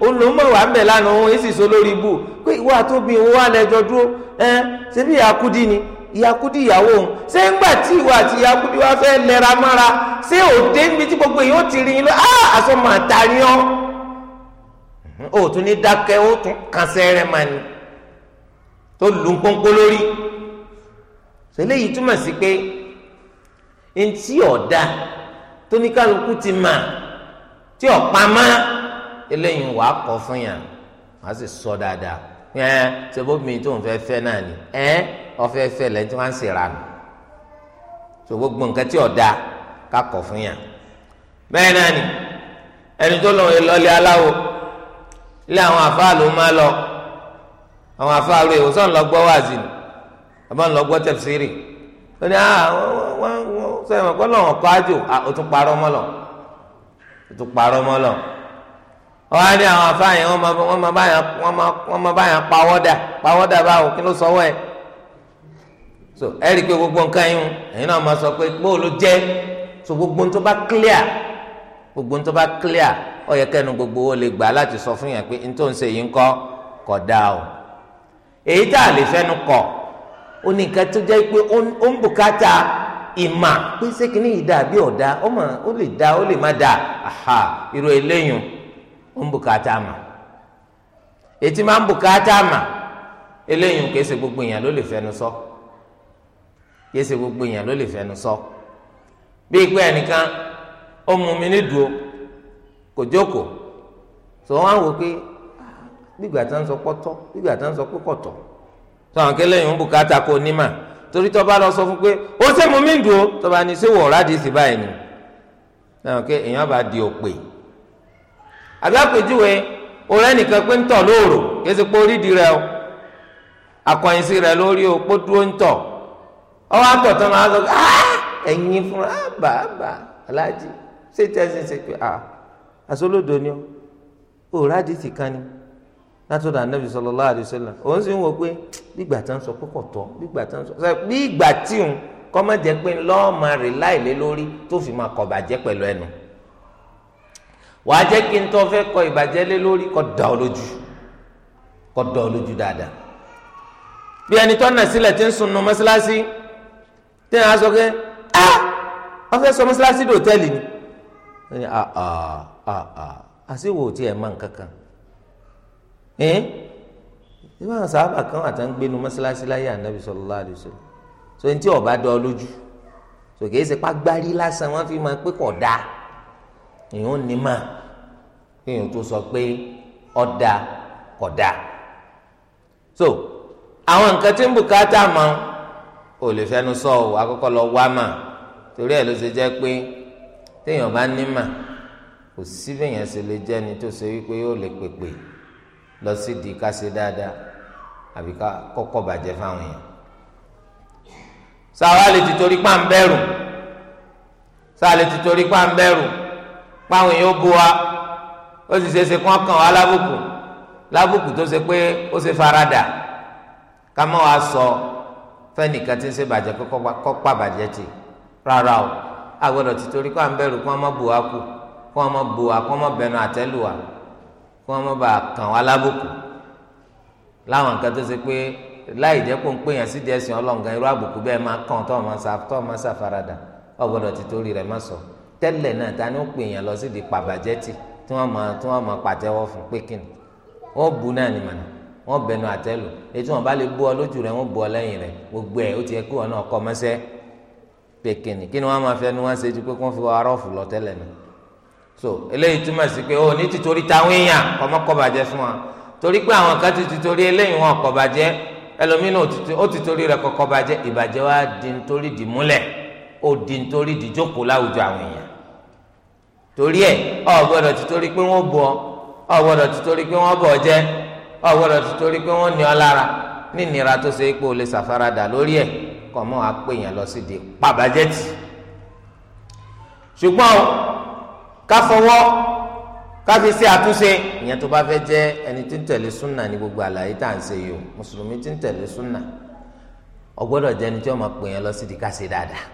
olùmọ̀ wà ń bẹ̀ lánàá òun èsì so lórí ibù pé ìwọ àtòbí òun wà lẹ́jọ́ dúró ẹ ṣe bí ìyàkúdí ni ìyàkúdí ìyàwó òun ṣé ńgbà tí ìwọ àti ìyàkúdí wa fẹ́ lẹ́ra mára ṣé òde ń tí gbogbo èèyàn ti rí lọ á aṣọ màá ni hm, ó tún ní dákẹ́ ó tún kànṣẹ́ rẹ̀ máa ní tó lù eléyìí wàá kọ fún yàn wàá sì sọ dáadáa ẹ ṣe bó mi tó ń fẹ́ fẹ́ náà ni ẹ ọfẹ́ fẹ́ lẹ́yìn tí wọ́n á sì ra nù so gbogbo nǹkan tí ọ̀dà ká kọ fún yàn bẹ́ẹ̀ náà ni ẹni tó lọ ìlọlẹ̀ aláwo ilé àwọn àfáà ló máa lọ àwọn àfáà rẹ̀ òun sọ̀rọ̀ lọ gbọ́ wáàzì ni àbọ̀ ń lọ gbọ́ tẹ̀síìrì ó ní àwọn sọ̀rọ̀ pẹ́ lọ́wọ́ kọ́ ájò ah, ó tún parọ́ mọ́ lọ ó tún parọ́ mọ́ lọ wọ́n á ní àwọn afáàyàn wọ́n máa wọ́n máa báyàn wọ́n máa wọ́n máa báyàn pawọ́dà pawọ́dà báwo kí ló sọ wọ́ ẹ̀ so ẹ rí i pé gbogbo nǹkan yín ẹ̀yin náà máa sọ pé bó ló jẹ́ so gbogbo nǹkan tó bá clear gbogbo nǹkan tó bá clear ó yẹ kẹ́nu gbogbo owó lè gbà láti sọ fún yàn pé n tó ń ṣe yìí ń kọ́ kọ̀ dáa o èyí tá a lè fẹ́nu kọ̀ ó ní nǹkan tó jẹ́ pé ó ń bùkátà ìmà pé ṣé kìíní yìí dáa bí ọ̀dà ó lè dáa ó lè má dáa aha irú eléyìí ń bùkátà mà ètí máa ń bùkátà mà eléyìí gbogbo èèyàn ló lè fẹnu sọ gbogbo èèyàn ló lè fẹnu sọ bí ìgbà ẹnìkan ó mú mi ní dùn kò jókòó sọ wọn wò pé bígbà tá ń sọ pọtọ bígbà tá ń sọ pé kọtọ sọ àwọn kẹlẹyìn ń bùkátà kò ní mà torí tó bá lọ sọ fún pé ó àbí àpèjúwe orí ẹnìkan pé ń tọ̀ lóòrò kí ẹsẹ̀ pé orí di rẹ o akọ̀yìnsí rẹ lórí o pé dúró ń tọ̀ ọwọ́ àtọ̀ tán máa sọ ah, ẹ̀yin fúnra ah, bàbà aláàjì ṣé tẹ́sí ṣe pé àṣọlódò ah, ni ó òòrùn àdìsí kan ni látọ̀dọ̀ anabi sallallahu alaihi wasallam òun sì ń wò pé bígbà tá sọ kókò tọ́ bígbà tá sọ bí ìgbà tí pé lọ́ọ́ máa rè tó fi máa kọ̀ bàjẹ́ pẹ̀lú ẹnu wàá jẹ́ kí n tó fẹ́ kọ ìbàjẹ́ lé lórí kó dà ọ́ lójú kó dà ọ́ lójú dáadáa bí ẹni tó nà sílẹ̀ tí ń sùn nù mọ́sálásí tí ń sọ pé a wọ́n fẹ́ sọ mọ́sálásí dò tẹ́lì ni àṣìwò tí ẹ̀ máa ń kankan ẹ̀ ìwé àwọn sábà kan àti ń gbénu mọ́sálásí láyé ànábì sallallahu alaihi wasallam so ní tí ọba dọ́ lójú so kìí ṣe pàgbárí lásán wọ́n fi máa pé kọ̀ dáa èèyàn ò ní mà kéèyàn tó sọ pé ọ̀dà kọ̀dà so àwọn nǹkan tí ń bùkátà mọ ò lè fẹnu sọ ọ àkọ́kọ́ lọ wá mà torí ẹ̀ ló ṣe jẹ́ pé téèyàn bá ní mà kò sí bẹ́yàn ṣe lè jẹ́ ni tó ṣe wípé yóò lè pèpè lọ sí di ká ṣe dáadáa àbí ká kọ́kọ́ bàjẹ́ fáwọn èèyàn sáà wá lè ti torí pàǹbẹ́rù sáà páwọn èèyàn bu wa ó sì ṣe é ṣe kí wọ́n kàn tó ṣe pé ó ṣe faradà ká wa sọ fẹ́nìkan tí ń ṣe bàjẹ́ pé kọ́ pa bàjẹ́ tì rárá o àgbọ̀dọ̀ ti torí kó à ń bẹ̀rù kó wọ́n mọ́ bu wa kù kó wọ́n mọ́ bu wa kó wọ́n mọ́ bẹnu àtẹ́lù wa kó wọ́n mọ́ bà kàn wá lábùkù láwọn nǹkan tó ṣe pé láì jẹ́ kó ń pè yàn sí díẹ̀ sìn ọlọ́ngàn irú àbùkù bẹ́ẹ̀ máa kàn tó ọmọ sáfaradà ọgbọ́dọ̀ ti torí rẹ̀ má sọ. So tẹ́lẹ̀ náà ta ni ó pè yàn lọ sí di pàbàjẹ́tì tí wọ́n máa tí wọ́n máa pàtẹ́wọ́ fún pé kíni wọ́n bu náà ni màná wọ́n bẹnu àtẹ́lù ètò wọn bá lè bú ọ lójú rẹ wọ́n bú ọ lẹ́yìn rẹ gbogbo ẹ̀ ó ti yẹ kí wọn náà kọ́ mọ́sẹ́ pé kí ni wọ́n máa fẹ́ ni wọ́n ṣe ju pé kí wọ́n fi arọ́ọ̀fù lọ tẹ́lẹ̀ náà so eléyìí túmọ̀ sí pé ó ní tìtorí táwọn èèyàn kọ́mọ́kọ́ bàjẹ́ fún wa torí pé àwọn kan ti tìtorí eléyìí wọn kọ́ bàjẹ́ ẹlòmíín náà di nítorí dìmúlẹ̀ ó di nítorí dìjókòó torí ẹ ọ gbọ́dọ̀ ti torí pé wọ́n bọ ọ gbọ́dọ̀ ti torí pé wọ́n bọ jẹ ọ gbọ́dọ̀ ti torí pé wọ́n ní ọ lára ní ìnira tó ṣe é pé o lè ṣàfaradà lórí ẹ kọ mọ àpèyàn lọ sí di pàbàjẹtì ṣùgbọ́n ká fọwọ́ káfi ṣe àtúnṣe ìyẹn tó bá fẹ́ jẹ́ ẹni tí ń tẹ̀lé súnà ní gbogbo àlàyé tá à ń ṣe yìí o mùsùlùmí tí ń tẹ̀lé súnà ó gbọ́dọ̀ jẹ́ tí wọ́n máa pè lọ sí di ká ṣe dáadáa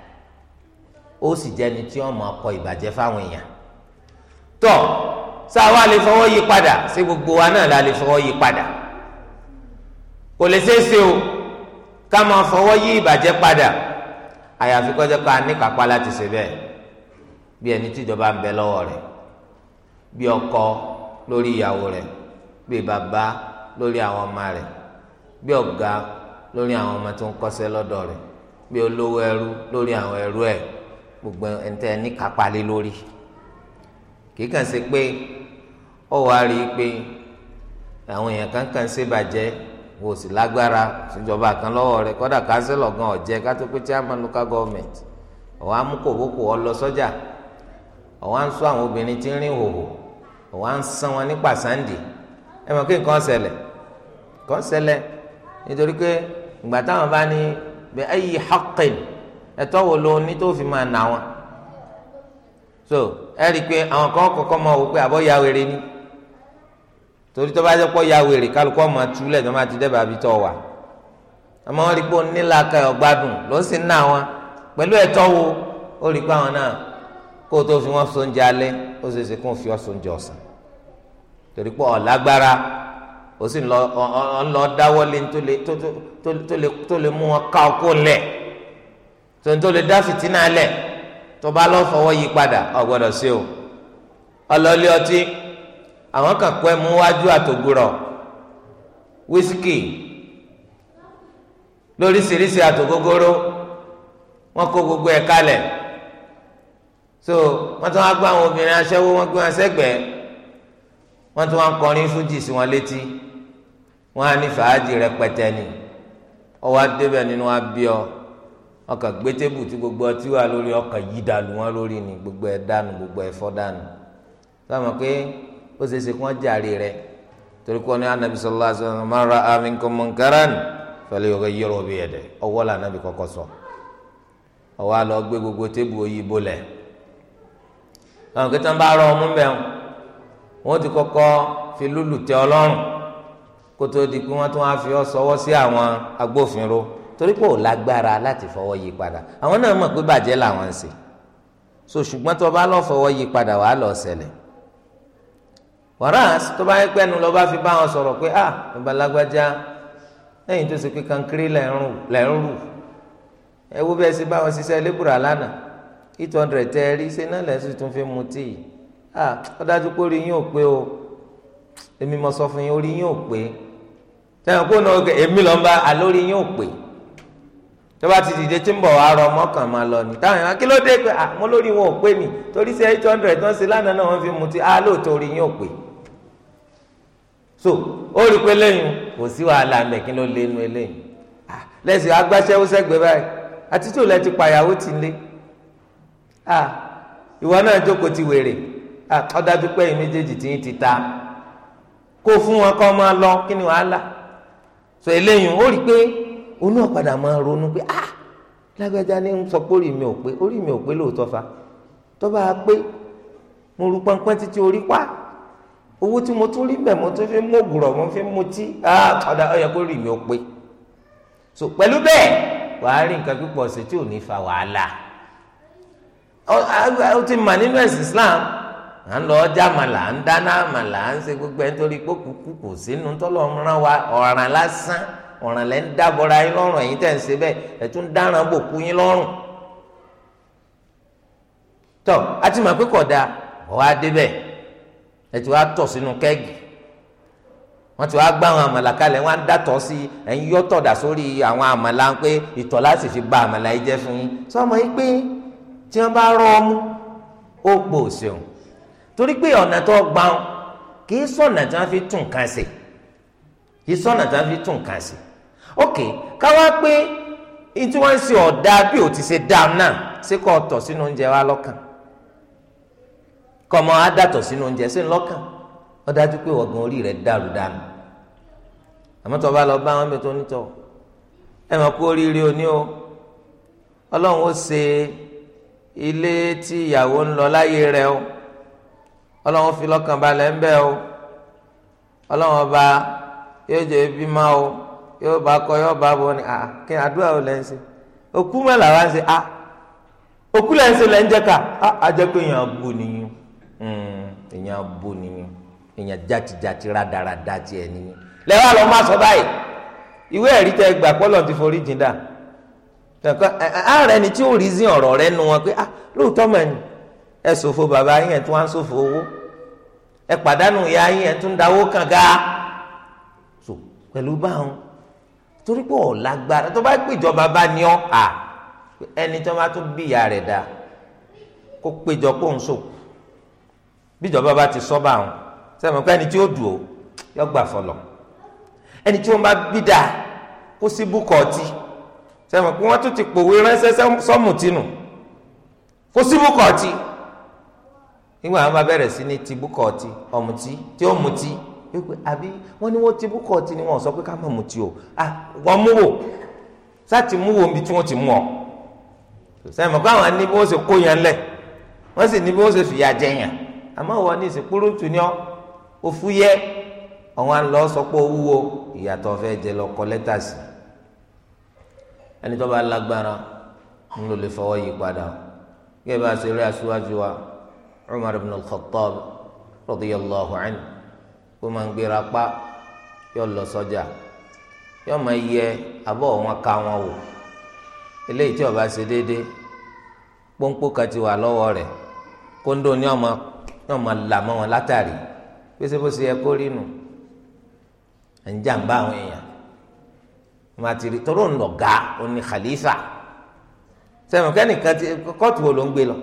ó sì jẹ́ ẹni tí wọ́n máa kọ ìbàjẹ́ fáwọn èèyàn tọ́ sáwa lè fọwọ́ yí padà ṣé gbogbo wa náà la lè fọwọ́ yí padà kò lè ṣeé o ká máa fọwọ́ yí ìbàjẹ́ padà àyàfi kọjá pa níkàpá láti ṣe bẹ́ẹ̀ bí ẹni tíjọba ń bẹ lọ́wọ́ rẹ̀ bí ọkọ lórí ìyàwó rẹ̀ bí bàbá lórí àwọn ọmọ rẹ̀ bí ọ̀gá lórí àwọn ọmọ tó ń kọ́ṣẹ́ lọ́dọ̀ rẹ̀ bí olówó ẹrú lórí àwọn ẹrú ẹ̀ gbogbo ẹ̀ńtẹ́ níkàpá lé lórí. kì í kàn ṣe pé ó wàá rí i pé àwọn èèyàn kan kàn ṣe bàjẹ́ wò sí lágbára ìjọba kan lọ́wọ́ rẹ kọ́dà kánsílọ̀ gan ọ̀jẹ́ kátó pé chairman local government ọ̀wá mú kòbókò ọ sọ́jà ọ̀wá ń sọ àwọn obìnrin tí ń rìn hòhò ọ̀wá ń fi máa nà wọn so ẹ rí i pé àwọn kan kọ́kọ́ máa wò pé àbọ̀ ya wèrè ni torí tó bá jẹ́ pọ̀ ya wèrè kálukú ọmọ túlẹ̀ tó máa ti dẹ́ba àbí tọ̀ wà àmọ́ wọ́n rí i pé onílà ka ọ̀gbádùn ló sì ń ná wọn pẹ̀lú ẹ̀tọ́ wo ó rí i pé àwọn náà kó o tó fi wọ́n sóúnjẹ alẹ́ ó ṣe é ṣe kó o fi wọ́n sóúnjẹ ọ̀sán torí pé ọ̀lágbára ó sì ń lọ dáwọ́ lé tó lè mú wọn ká ọkọ lẹ̀ tó ń tó lè dá fìtínà lẹ̀ tó bá lọ fọwọ́ yí padà ọ̀gbọ́dọ̀ sí o ọlọ́lé ọtí àwọn kan kọ́ ẹ mú wájú àtògùrọ̀ wíṣíkì lóríṣiríṣi àtògógóró wọn kó gbogbo ẹ̀ kalẹ̀ so wọn tún wá gbọ́ àwọn obìnrin aṣẹ́wó wọn gbé wọn sẹ́gbẹ̀ẹ́ wọn tún wá ń kọrin fújì sí wọn létí wọn á ní fàájì rẹpẹtẹ ni ọwọ́ adébẹ̀ nínú abíọ́ wọn kàn gbé tébù tí gbogbo ọtí wà lórí ọkàn yìí dànù wọn lórí ni gbogbo ẹ dànù gbogbo ẹ fọ́ dànù sọmọ pé ó ṣeé ṣe kí wọn jàre rẹ torí kí wọn ní anabi sallallahu alaihi wasallam man ra'a minkum munkaran falyughayyirhu biyadihi ọwọ́ là anabi kọ́kọ́ sọ ọwọ́ àlọ gbé gbogbo tébù òyìnbó lẹ àwọn kí tán bá rọ ọmú bẹ wọn ti kọ́kọ́ fi lùlù tẹ Ọlọ́run kótó di pé wọn tún wá fi ọ torí pé ò lágbára láti fọwọ́ yí padà àwọn náà mọ̀ pé bàjẹ́ làwọn ń ṣe so ṣùgbọ́n tó bá lọ fọwọ́ yí padà wàá lọ ṣẹlẹ̀ wàràs tó bá yẹ pé ẹnu lọ bá fi bá wọn sọ̀rọ̀ pé ah bàbá lágbájá lẹ́yìn tó ṣe pé kankiri lẹ̀ ń rù ẹ wo bẹ́ẹ̀ ṣe bá wọn ṣiṣẹ́ lébùrà lánàá eight hundred tẹ́ ẹ rí ṣe náà lẹ́sùn tún fi mu tíì ah ó dájú pé orí yín ò pé o èmi mọ̀ sọ fún yín orí yín ò pé tẹ̀wọ̀n kó náà èmi lọ́nba àlórí yín ò pé tó ti dìde tí ń bọ̀ wá rọ lọ ní táwọn èèyàn kí ló dé pé ah, lórí wọn ò pé mi torí sí eight hundred tó ń lánàá náà wọ́n fi mutí á ah, lóòótọ́ orí yín ò so ó rí pé lẹ́yìn kò sí wàhálà ń bẹ̀ kí ló lẹ́nu ah, lẹ́sìn agbáṣẹ́wó sẹ́gbẹ́ báyìí àti ti ti lé ìwọ náà jókòó ti wèrè méjèèjì tí yín ti ta kó fún wọn kọ́ máa lọ kí ni wàhálà onú ọ̀padà máa ronú pé ah lágbájá ni sọ pé orí mi ò pé orí mi ò pé lóòótọ́ fa tọ́ba pé mo rú pọnpọ́n títí orí pa mo tún fi mú ògùrọ̀ mo fi mú tí ah ọ̀dà ọ̀yà kó mi ò so pẹ̀lú bẹ́ẹ̀ wàá rí nǹkan tí ò ní fa wàhálà ó ti mà nínú ẹ̀sìn Islam à ń lọ ọjà màlà gbogbo ẹ̀ nítorí pé kúkú kò sínú tọ́lọ́ ọ̀ràn ń dábọ̀ra yín lọ́rùn ẹ̀yìn tẹ̀ ń ṣe bẹ́ẹ̀ dáràn bò kú yín lọ́rùn tọ́ a ti mọ̀ pé kò ọ̀ wá débẹ̀ ẹ̀ tí wàá tọ̀ sínú wọ́n ti wá gbá àwọn àmàlà kalẹ̀ wọ́n sí sórí àwọn àmàlà pé ìtọ̀ láti fi ba àmàlà yìí jẹ́ fún yín pé tí wọ́n bá rọ ọmú ó torí pé ọ̀nà tó gbà kì í sọ̀nà tí tí wọ́n fi tún ok káwá pé tí wọ́n ń ṣe ọ̀dà bí ò ti ṣe dá náà ṣé kò tọ̀ sínú oúnjẹ wa lọ́kàn kọ́mọ adàtọ̀ sínú oúnjẹ sí lọ́kàn ó dájú pé ọ̀gbìn orí rẹ̀ dàrú dànù àmọ́ tó o bá lọ bá wọn bẹ tó nítọ̀ ẹ mọ̀ kó oríire òní o ọlọ́run ó ṣe ilé tí ìyàwó ń lọ láyé rẹ̀ o ọlọ́run fi lọ́kàn balẹ̀ ń bẹ̀ o ọlọ́run ọba yóò jẹ́ bímọ o. yóò bá kọ yóò bá bọ ni a ah, ah, kí àdúrà ò lẹ́ ń òkú a òkú lẹ́ ń ṣe ń ká a ajẹ́ pé èèyàn bu nìyẹn hmm, èèyàn bu nìyẹn èèyàn jàtìjàtì rádaràda nìyẹn sọ báyìí ìwé tẹ gbà ti forí jìn dà ààrẹ ni tí ò rí sí rẹ nu wọn pé ah, ẹ bàbá yín tún torí pé ò lágbára tó bá gbèjọba bá ní ọ à ẹni tó bá tún bí ìyá rẹ̀ dá kó péjọ kó ń sòkò bíjọba bá ti sọ bá àwọn sẹ́mi pé ẹni tí ó dùn ó yọ gbà fọlọ ẹni tí wọ́n bá bí dá kó sí búkọ ọtí sẹ́mi pé wọ́n tún ti pòwe ránṣẹ́ sọ́mùtínù kó sí búkọ ọtí nígbà wọ́n bá bẹ̀rẹ̀ sí ní ti búkọ ọtí ọ̀mùtí tí ó mutí pé àbí wọ́n ní wọ́n ti bú kọ́ọ̀tì ni wọ́n sọ pé ká má mutí o à ah, wọ́n mú wò sáti mú wò níbi tí wọ́n ti mú ọ sẹ́yìn mọ̀ pé àwọn ní bí wọ́n ṣe kó yẹn lẹ̀ wọ́n sì ní bí wọ́n ṣe fìyà jẹ yẹn àmọ́ wọ́n ní ìsìnkúrú tù ní ọ òfu yẹ àwọn àlọ́ sọ pé ó wúwo ìyàtọ̀ fẹ́ jẹ lọ kọ lẹ́tà sí ẹni tó bá lágbára ń lò lè fọwọ́ yí padà gẹ́gẹ́ bá a ṣe rí aṣíwájú wa Umar ibn al-Khattab radiyallahu anhu kó máa ń gbéra pa yọ lọ sọ́jà yọ máa yẹ abọ́ wọn ka wọn wò eléyìí tí ó bá ṣe déédéé pọ́npọ́ kan ti wà lọ́wọ́ rẹ̀ kóńdó ni ọmọ yọ máa là mọ́ wọn látàrí pèsè bó ṣe yẹ kó rí nù ẹ̀ ń jàǹbá àwọn èèyàn màtìrì tọrọ ńlọgà òní khalifa sẹmu kẹ́nìkan ti kóòtù wo ló ń gbé lọ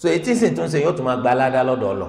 so etí sì tún ṣe yóò tún máa gba aládá lọ́dọ̀ lọ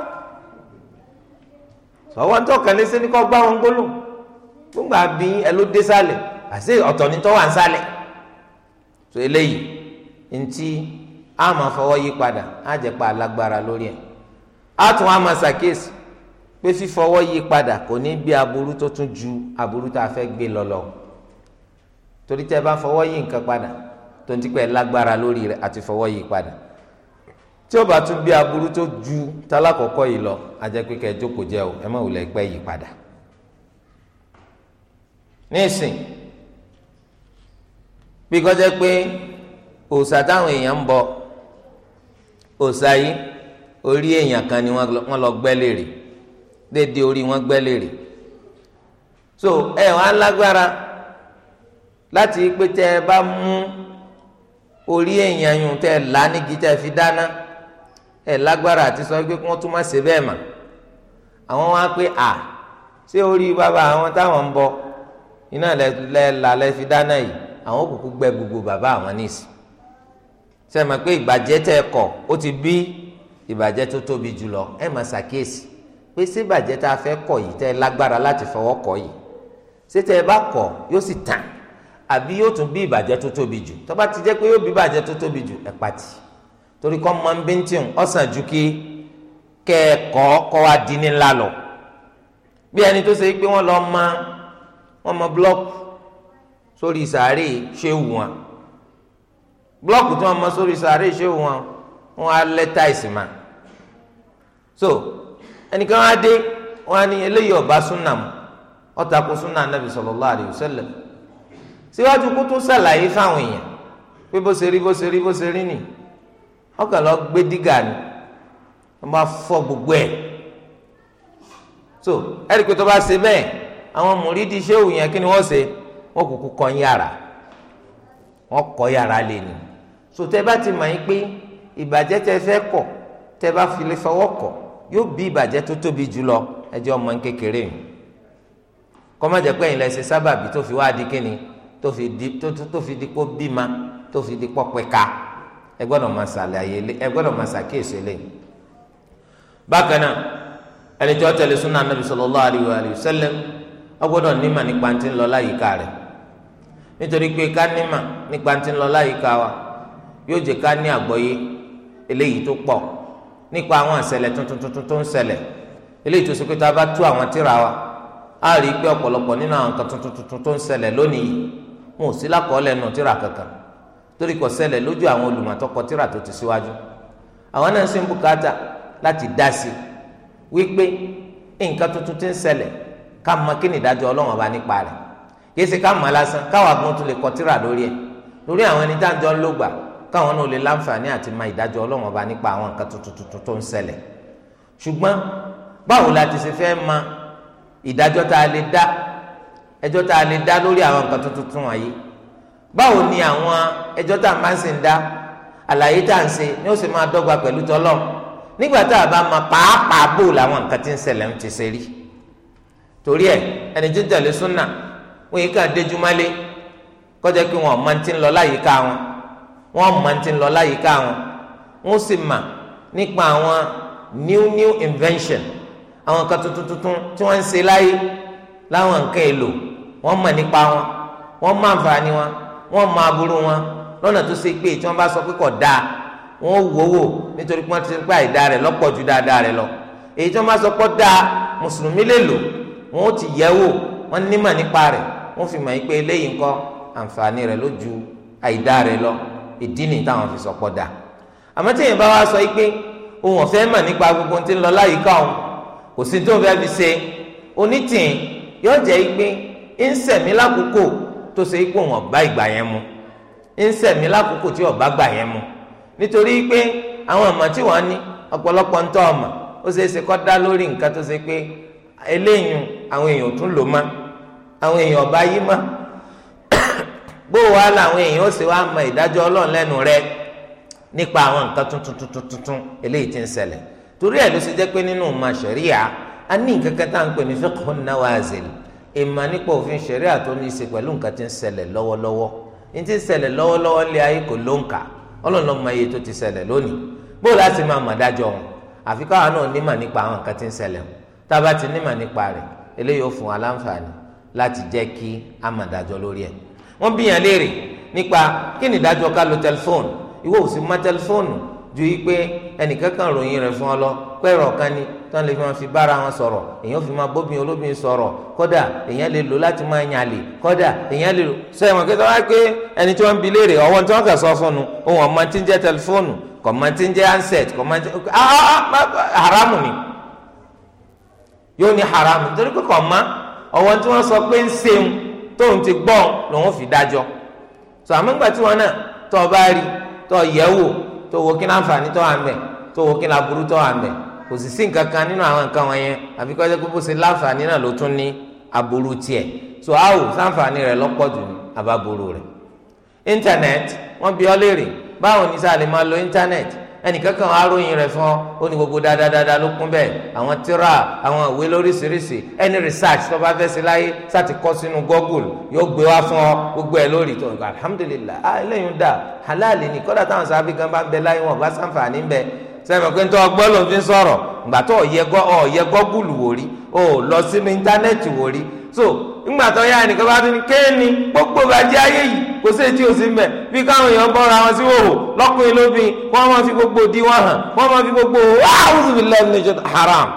sọwọ́ ń tọ́ka lé sí ní kọ́ gbá wọn gbólù gbóngbà bí ẹ ló dé sálẹ̀ àti ọ̀tọ̀ ní tọ́wà ń sálẹ̀ tó eléyìí ntí a máa fọwọ́ yí padà á jẹ́ pa alágbára lórí ẹ̀ á tún á máa ṣàkíyèsí pé fífọwọ́ yí padà kò ní bí aburú tó tún ju aburú tá a fẹ́ gbé lọ́lọ́ torí tẹ́ bá fọwọ́ yí nǹkan padà tó ń ti pẹ́ lágbára lórí rẹ̀ àti fọwọ́ yí padà tí ó bá tún bí aburú tó ju tálákọ̀ọ́kọ́ yìí lọ ajẹ́pẹ́ kẹ́ ẹ jókòó jẹ́ o ẹ má wulẹ̀ pẹ́ yí padà nísìn bí kọjá pé òòṣà táwọn èèyàn ń bọ òòṣà yìí orí èèyàn kan ni wọ́n lọ gbẹ́ léèrè déédéé orí wọn gbẹ́ léèrè so ẹ wọn alágbára láti pé tẹ ẹ bá mú orí èèyàn yùn tẹ là tẹ fi dáná ẹ lágbára àti sọ pé wọ́n tún má ṣe bẹ́ẹ̀ mà àwọn wá pé à ṣé orí bàbá àwọn táwọn ń bọ iná lẹ́ẹ̀lẹ́ fi dáná yìí àwọn òkùnkù gbẹ gbogbo bàbá àwọn níìsì sẹ́mi pé ìbàjẹ́ tẹ́ ẹ kọ̀ ó ti bí ìbàjẹ́ tó tóbi jùlọ ẹ máa ṣàkíyèsí pé ṣé ìbàjẹ́ tá a fẹ́ kọ̀ yìí tẹ́ ẹ lágbára láti fọwọ́ kọ̀ yìí ṣé tẹ́ ẹ bá kọ̀ yóò sì tàn àbí yóò tún bí ìbàjẹ́ tó tóbi jù tó bá ti jẹ́ pé yóò bí ìbàjẹ́ tó tóbi jù ẹ pati torí kọ́ máa ń ọ̀sán ju kí kẹ́ẹ̀kọ́ kọ́ wa di ní ńlá lọ bí ẹni tó ṣe pé wọ́n lọ ma wọ́n mọ búlọ́ọ̀kù sórí sàárè ṣéwù wọn búlọ́ọ̀kù tí wọ́n mọ sórí sàárè ṣéwù wọn wọ́n á lẹ́ táìsì ma so ẹnìkan wá dé wọ́n á ní eléyìí ọ̀bá súnà mu ọ̀tà kó súnà anábì sallallahu alaihi wasallam síwájú kó tó sàlàyé fáwọn èèyàn pé bó ṣe rí bó ṣe rí bó ṣe rí nìyí wọn kàn lọ gbé dígà ni wọn máa fọ gbogbo ẹ so ẹrí pé tó bá ṣe bẹ́ẹ̀ àwọn mùrídìí ṣéwù yẹn kí ni wọ́n ṣe wọ́n kúkú kọ́ yàrá wọ́n kọ́ yàrá lé ni so tẹ́ bá ti mọ̀ yín pé ìbàjẹ́ tẹ́ fẹ́ kọ̀ tẹ́ bá fi lè fọwọ́ kọ̀ yóò bí ìbàjẹ́ tó tóbi jùlọ ẹjọ́ ọmọ kékeré yìí kọ́mọ̀jẹ̀ pé ìlẹ̀ ṣe sábàbí tó fi wá di kíni tó fi di kó bímọ tó fi di pọ̀ pẹ̀ka. ẹ gbọ́dọ̀ máa ṣàlàyé ẹ gbọ́dọ̀ máa ṣàkíyèsí lé bákan náà ẹni tí wọ́n tẹ̀lé súnà anabi sallallahu alayhi wa sallam ọ gbọ́dọ̀ nímà nípa ti ń lọ nítorí pé ká nímà nípa ti ń lọ wa yóò jẹ́ ká ní àgbọ́yé eléyìí tó pọ̀ nípa àwọn tuntun tuntun tó ń ṣẹlẹ̀ eléyìí tó ṣe pé tá a bá tú àwọn tíra wa á rí i pé nínú àwọn tuntun tuntun tó ń lónìí sí nù tíra torí kò ṣẹlẹ̀ lójú àwọn olùmọ̀tọ́kọ tíra tó ti síwájú àwọn náà sì ń bùkátà láti dá sí i wípé nǹkan tuntun ti ń ṣẹlẹ̀ ká mọ kí ni ìdájọ́ ọlọ́wọ́n bá nípa rẹ̀ kì í ṣe ká mọ̀ lásán káwa gan tún lè kọ tíra lórí ẹ̀ lórí àwọn ẹni dáńjọ́ ló gbà káwọn náà lè láǹfààní àti mọ ìdájọ́ ọlọ́wọ́n bá nípa àwọn nǹkan tuntun tuntun tó ń ṣẹlẹ̀ ṣùgbọ́n báwo la ti ṣe fẹ́ mọ ìdájọ́ tá a lè dá ẹjọ́ tá a lè dá lórí àwọn nǹkan tuntun wọ̀nyí báwo ni àwọn ẹjọ́ tá a máa ń sìn dá àlàyé tá à ń ṣe ni ó sì máa dọ́gba pẹ̀lú tọ́lọ́ nígbà tá a bá máa pàápàá bò làwọn nǹkan tí ń ṣẹlẹ̀ ń ti ṣe rí torí ẹ ẹni tí ń tẹ̀lé súnà wọn yìí kàn déjú mọ́lé kọjá pé wọn máa ti ń lọ láyìíká wọn wọn máa ti ń lọ láyìíká wọn wọn sì mà nípa àwọn new new invention àwọn nǹkan tuntun tuntun tí wọ́n ń ṣe láyé láwọn nǹkan èlò wọ́n mọ̀ nípa wọn wọ́n mọ̀ àǹfààní wọn wọ́n mọ aburú wọn lọ́nà tó ṣe pé tí wọ́n bá sọ pé kò dáa wọ́n wò wò nítorí pé wọ́n ti ń pa ìdá rẹ̀ lọ́pọ̀ ju dáadáa rẹ̀ lọ èyí tí wọ́n bá sọ pé dáa mùsùlùmí lè lò wọ́n ti yẹ̀ wò wọ́n nímọ̀ nípa rẹ̀ wọ́n fi mọ̀ pé eléyìí ńkọ́ àǹfààní rẹ̀ ló ju àìdá rẹ̀ lọ ìdí nìyí táwọn fi sọ pé dáa àmọ́ tí èèyàn bá wá sọ pé òun ọ̀fẹ́ mọ̀ nípa gbogbo tí ń lọ láyìíká òun kò sí tó fẹ́ fi ṣe onítìǹ yóò jẹ́ pé ń sẹ̀mí lákòókò tó ṣe ipò wọn bá ìgbà yẹn mu ń sẹ̀mí lákòókò tí ọba gbà yẹn mu nítorí pé àwọn ọmọ tí wọ́n ní ọ̀pọ̀lọpọ̀ ń tọ́ ọmọ ó ṣe é ṣe kọ́ dá lórí nǹkan tó ṣe pé ọba yí má bó wàá làwọn èèyàn ó sì wá mọ ìdájọ́ rẹ nípa àwọn nǹkan tuntun tuntun tuntun eléyìí ń torí ló ṣe pé nínú a ìmọ̀ nípa òfin ṣẹ̀ríà tó ní í ṣe pẹ̀lú nǹkan tí ń ṣẹlẹ̀ lọ́wọ́lọ́wọ́ ní ti ń ṣẹlẹ̀ lọ́wọ́lọ́wọ́ lé ayé kò ló ń kà ọlọ́run mọ iye tó ti ṣẹlẹ̀ lónìí bó láti máa mọ̀ dájọ́ wọn àfi káwa náà nímọ̀ nípa àwọn nǹkan tí ń ṣẹlẹ̀ wọn tá a bá ti nímọ̀ nípa rẹ̀ eléyìí ó fún wa láǹfààní láti jẹ́ kí a mọ̀ dájọ́ lórí ẹ̀ wọ́n bíyàn léèrè ni ìdájọ́ ká lo tẹlifóònù ìwọ ò sì mọ tẹlifóònù ju wípé ẹnìkan kan ròyìn rẹ̀ fún tán lè fi máa fi bára wọn sọ̀rọ̀ èèyàn fi máa bóbin olóbin sọ̀rọ̀ kódà èèyàn lè lò láti máa yàn àlè kódà èèyàn lè lò sẹ́wọ̀n kí wọ́n á pé ẹni tí wọ́n ń bi léèrè ọwọ́ tí wọ́n kà sọ fún un ohun ọmọ tí ń jẹ́ tẹlifóònù kọ̀ mọ́ tí ń jẹ́ handset kọ̀ mọ́ tí ń jẹ́ ah, ah, ah, haramu ni yóò ní haramu torí pé kọ̀ mọ́ ọwọ́ tí wọ́n sọ pé ń seun tóun ti gbọ́n lòun fi dájọ́ sọ àmúgbà tí tọ́ ọ bá kò sì sí nǹkan kan nínú àwọn nǹkan wọn yẹn àfi kọ́ ẹ jẹ́ pé láǹfààní náà ló tún ní aburú tiẹ̀ so a ò sáǹfààní rẹ̀ lọ́pọ̀ jù ní àbáboro rẹ̀ internet wọ́n bi ọ́ léèrè báwo ni sáà lè máa lo internet ẹnìkan kan aróyin rẹ̀ fún ọ ó ní gbogbo dáadáa ló kún bẹ́ẹ̀ àwọn tíra àwọn ìwé lóríṣiríṣi ẹni research tó bá fẹ́ sí láyé sáti kọ́ sínú Google yóò gbé wá fún ọ gbogbo ẹ̀ lórí tó alhamdulilayi ah eléyìí ń dà halal ni kódà táwọn sábà gan bá ń bẹ láyé wọn bá sáǹfààní ń bẹ sẹ́mi pé nítorí ọgbọ́n ló fi ń sọ̀rọ̀ ìgbà tó ọ̀yẹ́gọ́ ọ̀yẹ́gọ́ gùlù wò rí o lọ sínú íńtánẹ́ẹ̀tì wò rí so ìgbà tó yá ẹnìkan bá tún ní kéènì gbogbo bàjẹ́ ayé yìí kò sí etí òsì mbẹ bí káwọn èèyàn bọ́ra wọn sí wòwò lọ́kùnrin lóbìn wọ́n máa fi gbogbo di wọn hàn wọ́n máa fi gbogbo wáhùn fi lẹ́nu ìjọ haram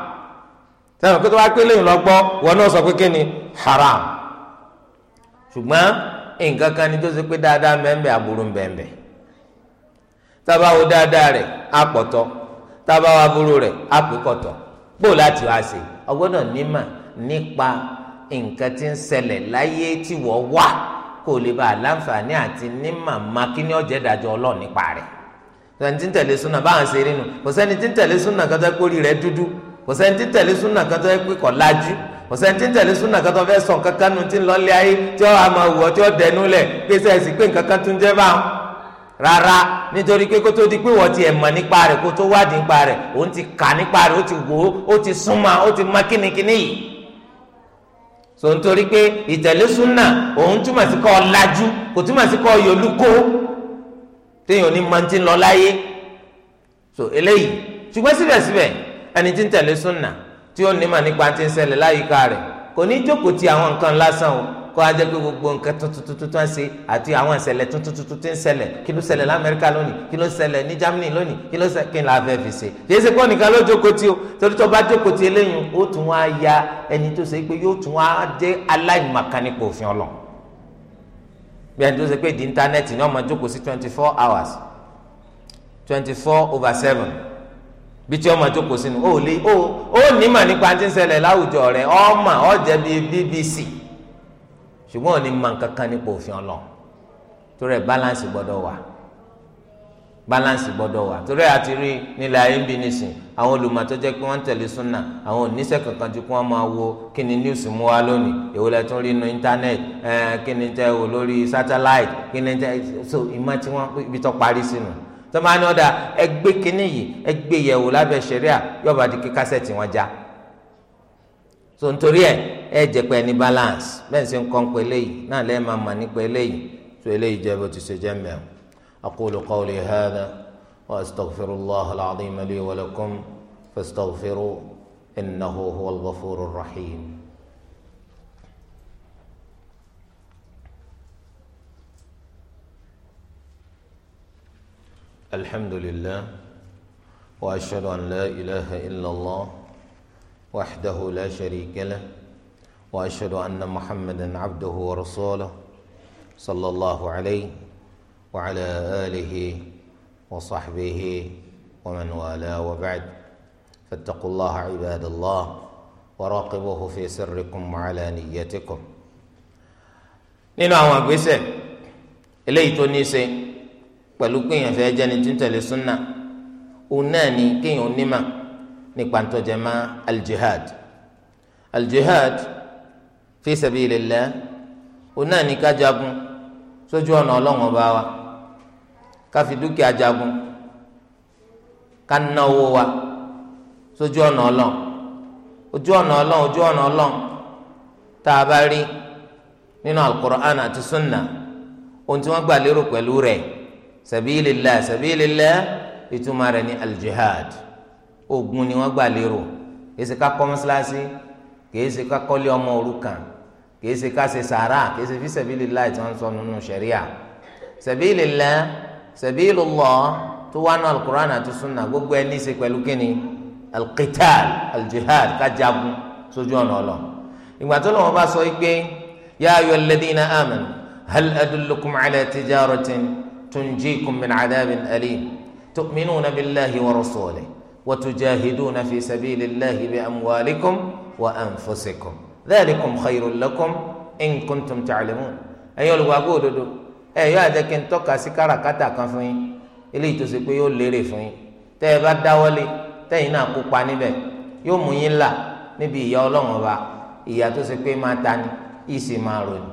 sẹ́mi pé tó wá pélé yìí lọ́gbọ́ wọn náà sọ pé kéènì haram ṣùgbọ́n nǹkan kan ni tó ṣe pé dáadáa mbẹ́mbẹ́ aburú mbẹ́mbẹ́ tába wo dáadáa rẹ̀ àpọ̀tọ́ tába wo aburú rẹ̀ àpòkọ̀tọ̀ bó láti wá sí nípa nǹkan tí ń láyé tí wà kó lè bá àti nímà makíní ọ̀jẹ̀ dájọ́ ọlọ́ọ̀ nípa rẹ̀ sẹ́ni tí ń tẹ̀lé súnà báwọn ṣe rí nu kò tí ń tẹ̀lé súnà kan tó dúdú kò tí ń tẹ̀lé sọ tí ń ayé tí ó àmọ̀ tí ó dẹnu lẹ̀ pé pé rárá nítorí pé kó tó di pé wọ́n ti ẹ̀ mọ̀ nípa rẹ̀ kó tó wádìí nípa rẹ̀ òun ti kà nípa rẹ̀ ó ti wò ó ó ti súnmọ́ ó ti mọ kínníkínní yìí so nítorí pé ìtẹ̀lé súnà òun túmọ̀ sí kọ́ ọ lajú kò túmọ̀ sí kọ́ ọ téèyàn ní máa lọ láyé so eléyìí ṣùgbọ́n síbẹ̀síbẹ̀ ẹni tí ń tẹ̀lé súnà tí ó ní mà nípa ti ń ṣẹlẹ̀ láyìíká rẹ̀ kò ní jókòó ti àwọn nǹkan lásán o kó a jẹ́ pé gbogbo nǹkan tuntun tuntun tó ń ṣe àti àwọn ìṣẹ̀lẹ̀ tuntun tuntun tó ń ṣẹlẹ̀ kí ló ṣẹlẹ̀ lamẹ́ríkà lónìí kí ló ṣẹlẹ̀ ní germany lónìí kí ló ṣẹlẹ̀ kí n la fẹ́ fi ṣe. kì ṣe pọ́ nìkan ló jókòó o torí tó bá jókòó eléyìí ó tún wá ya ẹni tó ṣe pé yóò tún wá jẹ́ aláìmọ̀kánípò òfin ọlọ́ bí ẹni tó ṣe pé di íńtánẹ́ẹ̀tì ni ọmọ jókòó sí twenty four hours twenty four over seven bí tí ọmọ jókòó sínú ó lé ó ó nímọ̀ nípa ti ń ṣẹlẹ̀ láwùjọ rẹ̀ ọmọ ọ̀jẹ̀ bíi bbc ṣùgbọ́n òní mọ nǹkan kan nípa òfin ọlọ torí ẹ balance gbọ́dọ̀ wà balance gbọ́dọ̀ wà torí àti rí nílẹ̀ ayé ń bí nísìn àwọn olùmọ̀tọ́ jẹ́ pé wọ́n ń súnà àwọn oníṣẹ́ kankan ju kí wọ́n máa wo kí ni news mú wa lónìí èwo lẹ tún rí inú internet ẹ̀ẹ́n kí ni tẹ́ wò lórí satellite kí ni tẹ́ so ìmọ̀ tí wọ́n ibi tó parí sínú tọ́mọ́ni ọ̀dà ẹgbẹ́ kínní yìí ẹgbẹ́ yẹ̀wò lábẹ́ sẹ́ríà yọ̀bà di kí kásẹ̀tì wọn já so nítorí ẹ̀ ẹ jẹ́ pé ẹni balance bẹ́ẹ̀ ṣe ń kọ́ ń pé léyìí náà lẹ́ẹ̀ máa mọ̀ nípa pé léyìí tó eléyìí jẹ́ bó ti ṣe jẹ́ mẹ́ẹ̀ aqulu kọ́wé hadha wa astaghfirullah al-azim li wa lakum fastaghfiru innahu huwal ghafurur rahim. alhamdulilah wa واشهد ان لا اله الا الله وحده la شريك له واشهد ان محمدا عبده ورسوله صلى الله عليه وعلى اله وصحبه ومن والاه وبعد فاتقوا الله عباد الله وراقبوه في سركم وعلى نيتكم نعم اغويسه الي تونيسه pẹlú pé èèyàn fẹẹ jẹ ni títẹlẹ súnà òun náà ni kéèyàn onímọ nípa ntọjẹmọ aljihad aljihad fi sabilillah òun náà ní ká jagun sójú ọ̀nà ọlọ́run ọba wa ká fi dúkìá jagun ká ná owó wa sójú ọ̀nà ọlọ́run ojú ọ̀nà ọlọ́run ojú ọ̀nà ọlọ́run tá a bá rí nínú alukur'an àti sunna ohun tí wọ́n gbà lérò pẹ̀lú rẹ̀ sabilillah sabilillah ìtumọ̀ rẹ̀ ní aljihad ogun ni wọ́n gbà lérò kìí ṣe ká kọ́ mọ́ṣáláṣí kìí ṣe ká kọ́lé ọmọ òrukàn kìí ṣe ká ṣe sàárà kìí ṣe fi sabilillah tí wọ́n sọ nínú ṣẹ̀ríà sabilillah sabilillah tó wá náà alukur'an àti sunna gbogbo ẹ̀ ní í ṣe pẹ̀lú kíni alqital aljihad kájagun sójú ọ̀nà ọ̀lọ́ ìgbà tó lọ́wọ́ bá sọ pé ya ayyuha alladhina amanu hal adullukum ala tijaratin tunjikum min adabin alim tu'minuna billahi wa rasulihi wa tujahiduna fi sabilillahi bi amwalikum wa anfusikum dhalikum khayrun lakum in kuntum ta'lamun ẹ̀yin olùwàgbọ́ òdodo ẹ̀ yóò àjẹ́ kí n tọ́ka sí káràkátà kan fún yín eléyìí tó ṣe pé yóò lérè fún yín tẹ́ ẹ bá dáwọ́lé tẹ́yìn náà kópa níbẹ̀ yóò mú yín là níbi ìyà ọlọ́run ọba ìyà tó ṣe pé máa ta ni ìsì máa ròyìn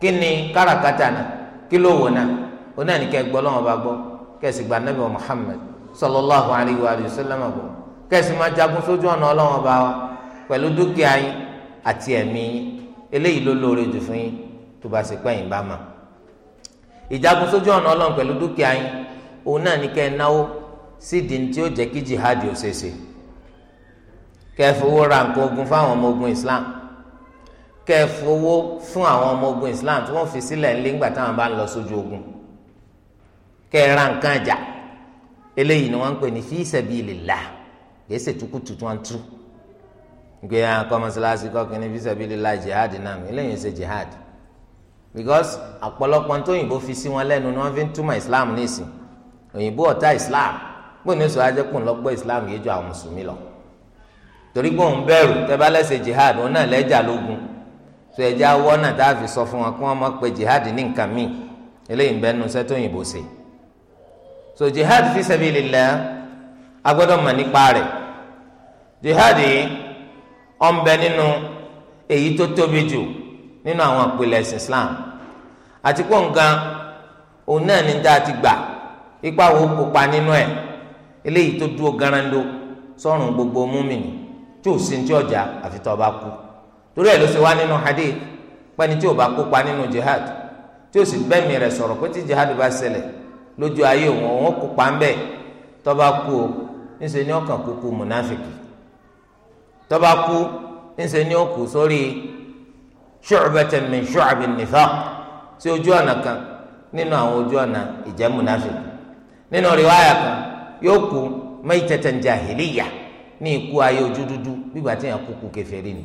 kí ni káràkátà náà kí ló wò náà òun náà ní kẹ́ gbọ́ ọlọ́run ọba gbọ́ kẹ́sì gba nabi Muhammad sallallahu alayhi wa sallam gbọ́ kẹ́sì máa jagun sójú ọ̀nà ọlọ́run ọba wa pẹ̀lú dúkìá yín àti ẹ̀mí yín eléyìí ló lóore jù fún yín tó bá ṣe pẹ́yìn bá mà ìjagun sójú ọ̀nà ọlọ́run pẹ̀lú dúkìá yín òun náà ní kẹ́ ẹ náwó sídìí tí ó jẹ́ kí jihadi ó ṣeéṣe kẹ́ ẹ fowó ra nǹkan ogun fáwọn ọmọ ogun Islam kẹ́ ẹ fowó fún àwọn ọmọ ogun Islam tí wọ́n fi sílẹ̀ ńlẹ́ ńgbà táwọn bá ń lọ sójú ogun kẹ́ ra nǹkan àjà eléyìí ni wọ́n ń pè ní fi sabilillah kìí ṣètùkùtù tí wọ́n ń tú gbé akọ mọ́sálásí kọ́kí ní fisabili la jihad náà mi eléyìí ṣe jihad because àpọ̀lọpọ̀ tóyìnbó fi sí wọn lẹ́nu ni wọ́n fi ń túmọ̀ islam nísìn òyìnbó ọ̀tá islam gbọ́n ní sọ ajẹ́kùn lọ́gbọ́ islam yìí ju àwọn mùsùlùmí lọ torí pé òun bẹ̀rù tẹ́bá lẹ́sẹ̀ jihad òun náà lẹ́jà lógun tó ẹja wọ́ náà tá a fi sọ fún wọn kí wọ́n mọ̀ pé jihad ní nǹkan míì eléyìí ń bẹ́ nu sẹ́tóyìnbó ṣe so jihad fi sabilillah agbọ́dọ̀ mọ̀ nípa rẹ̀ jihad yìí ọ̀nbẹ nínú èyí tó tóbi jù nínú àwọn àpilẹ̀ ẹ̀sìn Islam àti pọ̀ nǹkan òun náà ní tá a ti gbà ipa wo kópa nínú ẹ̀ eléyìí tó dúró garando sọ̀rùn gbogbo múmìnì tí ò sí ní tí ọjà àfi tó bá kú torí ẹ̀ ló ṣe wá nínú hadith pẹ́ni tí ò bá kópa nínú jihad tí ò sì bẹ́mi rẹ̀ sọ̀rọ̀ pé tí jihad bá ṣẹlẹ̀ lójú ayé òun òun kópa ń bẹ̀ tó bá kú o níṣẹ́ ni ọkàn kúkú mùnáfìkì tó bá kú ńṣe ni ó kù sórí shu'batan min shu'abi nifaq sí ojú ọ̀nà kan nínú àwọn ojú ọ̀nà ìjẹ́ munafik nínú riwaya kan yóò kú maytatan jahiliya ní ikú ayé ojú dúdú gbígbà tí yẹn kúkú kèfèrí ni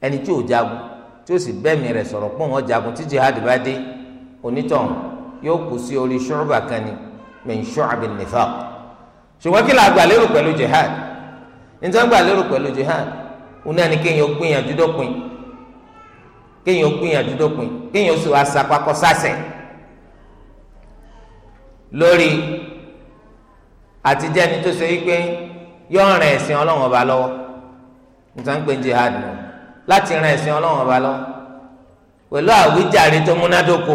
ẹni tí ò jagun tí ó sì bẹ́ẹ̀mí rẹ̀ sọ̀rọ̀ pọ̀ wọ́n jagun tí jihad bá dé onítọ̀hún yóò kú sí orí shu'ba kan ni min shu'abi nifaq ṣùgbọ́n kí làgbà lérò pẹ̀lú jihad níta gbà lérò pẹ̀lú jihad òun náà ni kéèyàn gbìyànjú dópin kéèyàn gbìyànjú dópin kéèyàn sì wá sapakọ sásẹ̀ lórí àtijọ́ ẹni tó ṣe wípé yọ̀ọ́ rìn ẹ̀sìn ọlọ́run ọba lọ́wọ́ níta jihad nù láti rìn ẹ̀sìn ọlọ́run ọba lọ́wọ́ pẹ̀lú àwíjàre tó múnádóko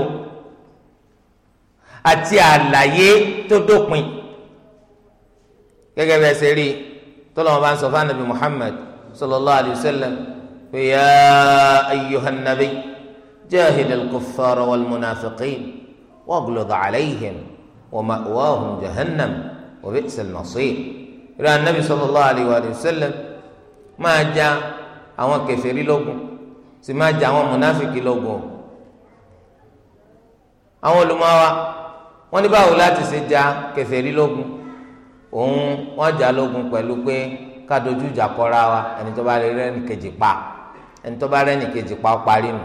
àti àlàyé tó dópin gẹ́gẹ́ bẹ́ẹ̀ ṣe rí i tọ́lọ́mọ bá ń sọ fún anabi muhammad sallallahu alayhi wa sallam pé ya ayyuhan nabi jahid al-kuffar wal munafiqin waglud alayhim wa ma'wahum jahannam wa bi'sal masir ìrẹ anabi sallallahu alayhi wa sallam máa ja àwọn kèfèrí lógun sì máa ja àwọn munafiki lógun àwọn olùmọ̀ wa wọ́n ní báwo láti ṣe ja kèfèrí lógun òun wọn jà lógun pẹ̀lú pé ká dojú ìjà kọra wa ẹni tó bá rẹ nìkejì pa ẹni tó bá rẹ nìkejì pa ó parí nù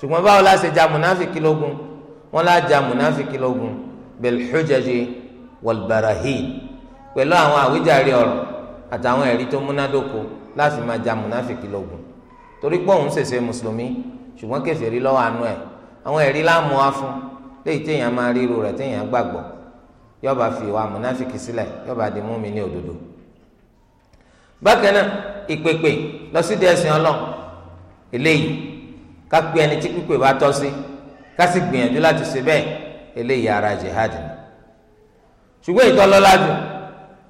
ṣùgbọ́n báwo la ṣe ja munafiki lógun wọn la ja munafiki lógun bil hujaji wal barahin pẹ̀lú àwọn àwíjàre ọ̀rọ̀ àtàwọn ẹ̀rí tó múnádóko láti máa ja munafiki lógun torí pé òun ṣèṣe mùsùlùmí ṣùgbọ́n kèfèrí lọ́wọ́ àánú ẹ̀ àwọn ẹ̀rí láàmú wa fún léyìí téèyàn máa ríru rẹ̀ téèyàn gbàgbọ́ yọba fi ìwà múnáfìkì sílẹ̀ yọba di múmi ní òdodo bákan náà ìpèpè lọsídìí ẹsìn Ọlọ́run eléyìí ká pe ẹni tí pípè bá tọ́ sí ká sì gbìyànjú láti ṣe bẹ́ẹ̀ eléyìí ara jihad ni ṣùgbọ́n ìtọ́lọ́lájú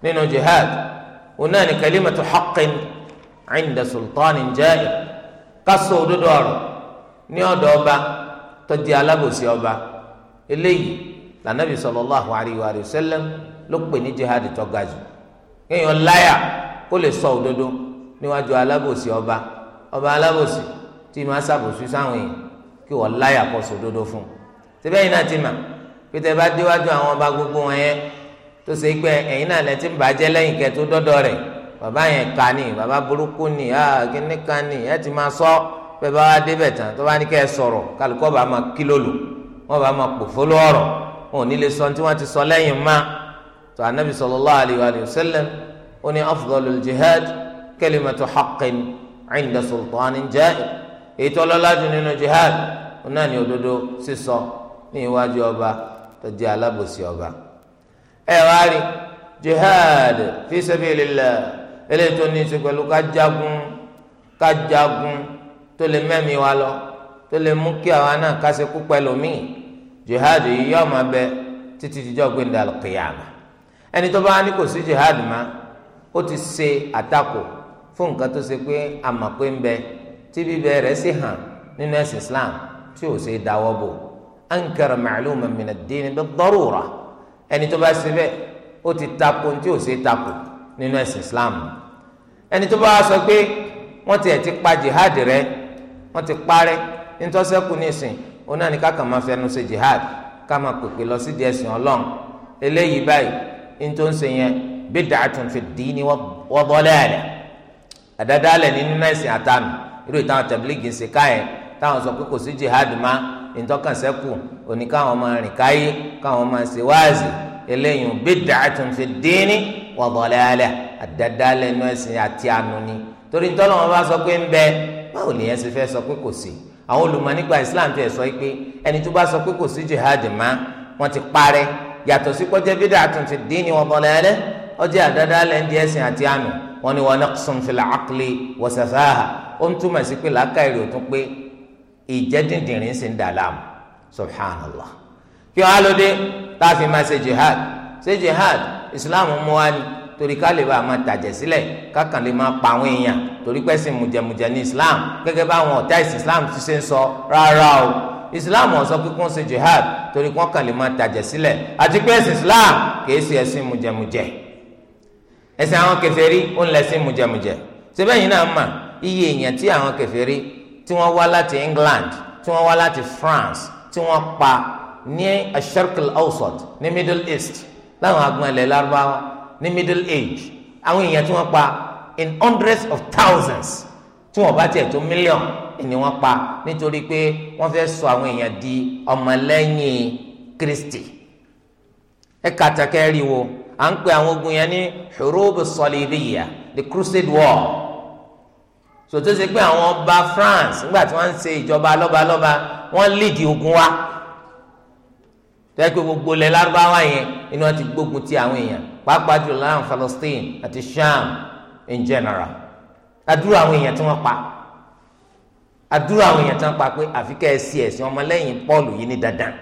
nínú jihad òun náà ni kalimatu haqqin inda sultanin ja'ir ká sọ òdodo ọ̀rọ̀ ní ọ̀dọ̀ ọba tó di alábòsí lànàbì sallallahu alayhi wa sallam ló pè ní jihad tó ga jù kéèyàn láyà kó lè sọ òdodo níwájú alábòsí ọba ọba alábòsí tí ma ṣàbòsí sáwọn èèyàn kí wọ́n láyà kó sọ òdodo fún un síbẹ̀ yìí náà ti mà pété bá déwájú àwọn ọba gbogbo wọn yẹn tó ṣe pé ẹ̀yin náà lẹ ti ń bàjẹ́ lẹ́yìn kẹ́ tó dọ́dọ̀ rẹ̀ bàbá yẹn kà ní bàbá burúkú ní kíní kan ní ẹ ti máa sọ bẹ́ẹ̀ bá wá débẹ̀ tán tó bá ní kẹ́ sọ̀rọ̀ kálukọ́ bá máa kí wọ́n bá máa pòfó lọ́rọ̀ wọn ò ní lè sọ tí wọ́n ti sọ lẹ́yìn má tó anabi sallallahu alayhi wa sallam ó ní afdalul jihad kalimatu haqqin inda sultanin ja'ir èyí tó lọ́lá jù nínú jihad ó náà ní òdodo sísọ ní iwájú ọba tó jẹ́ alábòsí ọba. ẹ wá rí jihad fi sabilillah eléyìí tó ní í ṣe pẹ̀lú ká tó lè mẹ́mìí wa lọ tó lè mú kí àwa náà ká kú pẹ̀lú míì jihad yìí yọ ọmọ bẹ títí dijọ́ gbẹ̀ndà kìyàmà ẹni tó bá wá ní kò sí jihad ma ó ti ṣe àtakò fún nǹkan tó ṣe pé àmọ̀ pé ń bẹ tí bíbẹ rẹ̀ sì hàn nínú ẹ̀sìn Islam tí ò ṣe dáwọ́ bò ankara ma'luman min ad-din bid ẹni tó bá ṣe bẹ́ẹ̀ ó ti takò tí ò ṣe takò nínú ẹ̀sìn Islam ẹni tó bá wá sọ pé wọ́n ti ẹ̀ ti pa jihad rẹ̀ wọ́n ti parẹ́ nítọ́sẹ́kù nísìn òun náà ni ká kàn máa fẹnu ṣe jihad ká máa pèpè lọ sí díẹ̀ sìn ọlọ́run eléyìí báyìí ní tó ṣe yẹn bid'atun fi ddini wa dalalah àdádálẹ̀ nínú náà ìsìn àtàmì irú ìtàn tẹ̀blígì ṣe káyẹ̀ táwọn sọ pé kò sí jihad má ìtọ́kànṣẹ́kù òní káwọn máa rìn káyé káwọn máa ṣe wáàzì eléyìí bid'atun fi ddini wa dalalah àdádálẹ̀ nínú ìsìn àti ànú ni torí ntọ́lọ́wọ́n bá sọ pé ń bẹ báwo lèyẹn ṣe àwọn olùmọ̀ nípa islam ti ẹ̀ sọ pé ẹni tó bá sọ pé kò sí jihad má wọ́n ti parẹ́ yàtọ̀ sí kọjá bídà àtúntì dín ní wọn bọ̀lẹ̀ ẹlẹ́ ọjọ́ àdáda lẹ́ńdí ẹ̀sìn àti àánú wọn ni wọn naqsun fil aqli wa safaha ó ń túmọ̀ sí pé làákàyèrè òtún pé ìjẹ́dìndìrín sì ń dà láàmú subhanallah kí wọn á lóde láàfin máa ṣe jihad ṣe jihad islam mú wa ni torí ká lè bá a máa tàjẹ̀ sílẹ̀ kákan lè máa pa àwọn èèyàn torí pé ẹ̀sìn mùjẹ̀mùjẹ̀ ní islam gẹ́gẹ́ bá àwọn ọ̀tá ìsìn islam ti ṣe ń sọ rárá o islam ò sọ pé kí wọ́n ṣe jihad torí kí wọ́n kàn lè máa tàjẹ̀ sílẹ̀ àti pé ẹ̀sìn islam kìí ṣe ẹ̀sìn mùjẹ̀mùjẹ̀ ẹ̀sìn àwọn kèfèrí ó ń lẹ̀sìn mùjẹ̀mùjẹ̀ ṣebẹ́yìn náà mà iye èèyàn tí àwọn kèfèrí tí wọ́n wá láti England tí wọ́n wá láti France tí wọ́n pa ní asharq al-awsat ní Middle East láwọn agbọn ilẹ̀ lárúbáwá ní middle age àwọn èèyàn tí wọ́n pa in hundreds of thousands tí wọ́n bá tiẹ̀ tó million ni wọ́n pa nítorí pé wọ́n fẹ́ sọ àwọn èèyàn di ọmọlẹ́yìn Kristi ẹ kàtàkẹ́ rí wo à ń pè àwọn ogun yẹn ní hurubu sọlíbìyà the crusade war sòtó ṣe pé àwọn ọba France nígbà tí wọ́n ń ṣe ìjọba lọ́balọ́ba wọ́n léèdì ogun wa tẹ́ pé gbogbo ilẹ̀ lárúbáwá yẹn ni wọ́n ti gbógun ti àwọn èèyàn pàápàá jùlọ láwọn Palestine àti Sham in general àdúrà àwọn èèyàn tí wọ́n pa àdúrà àwọn èèyàn tí wọ́n pa pé àfi kẹ́ ẹ sí ẹ̀sìn ọmọlẹ́yìn Pọ́ọ̀lù yìí ní dandan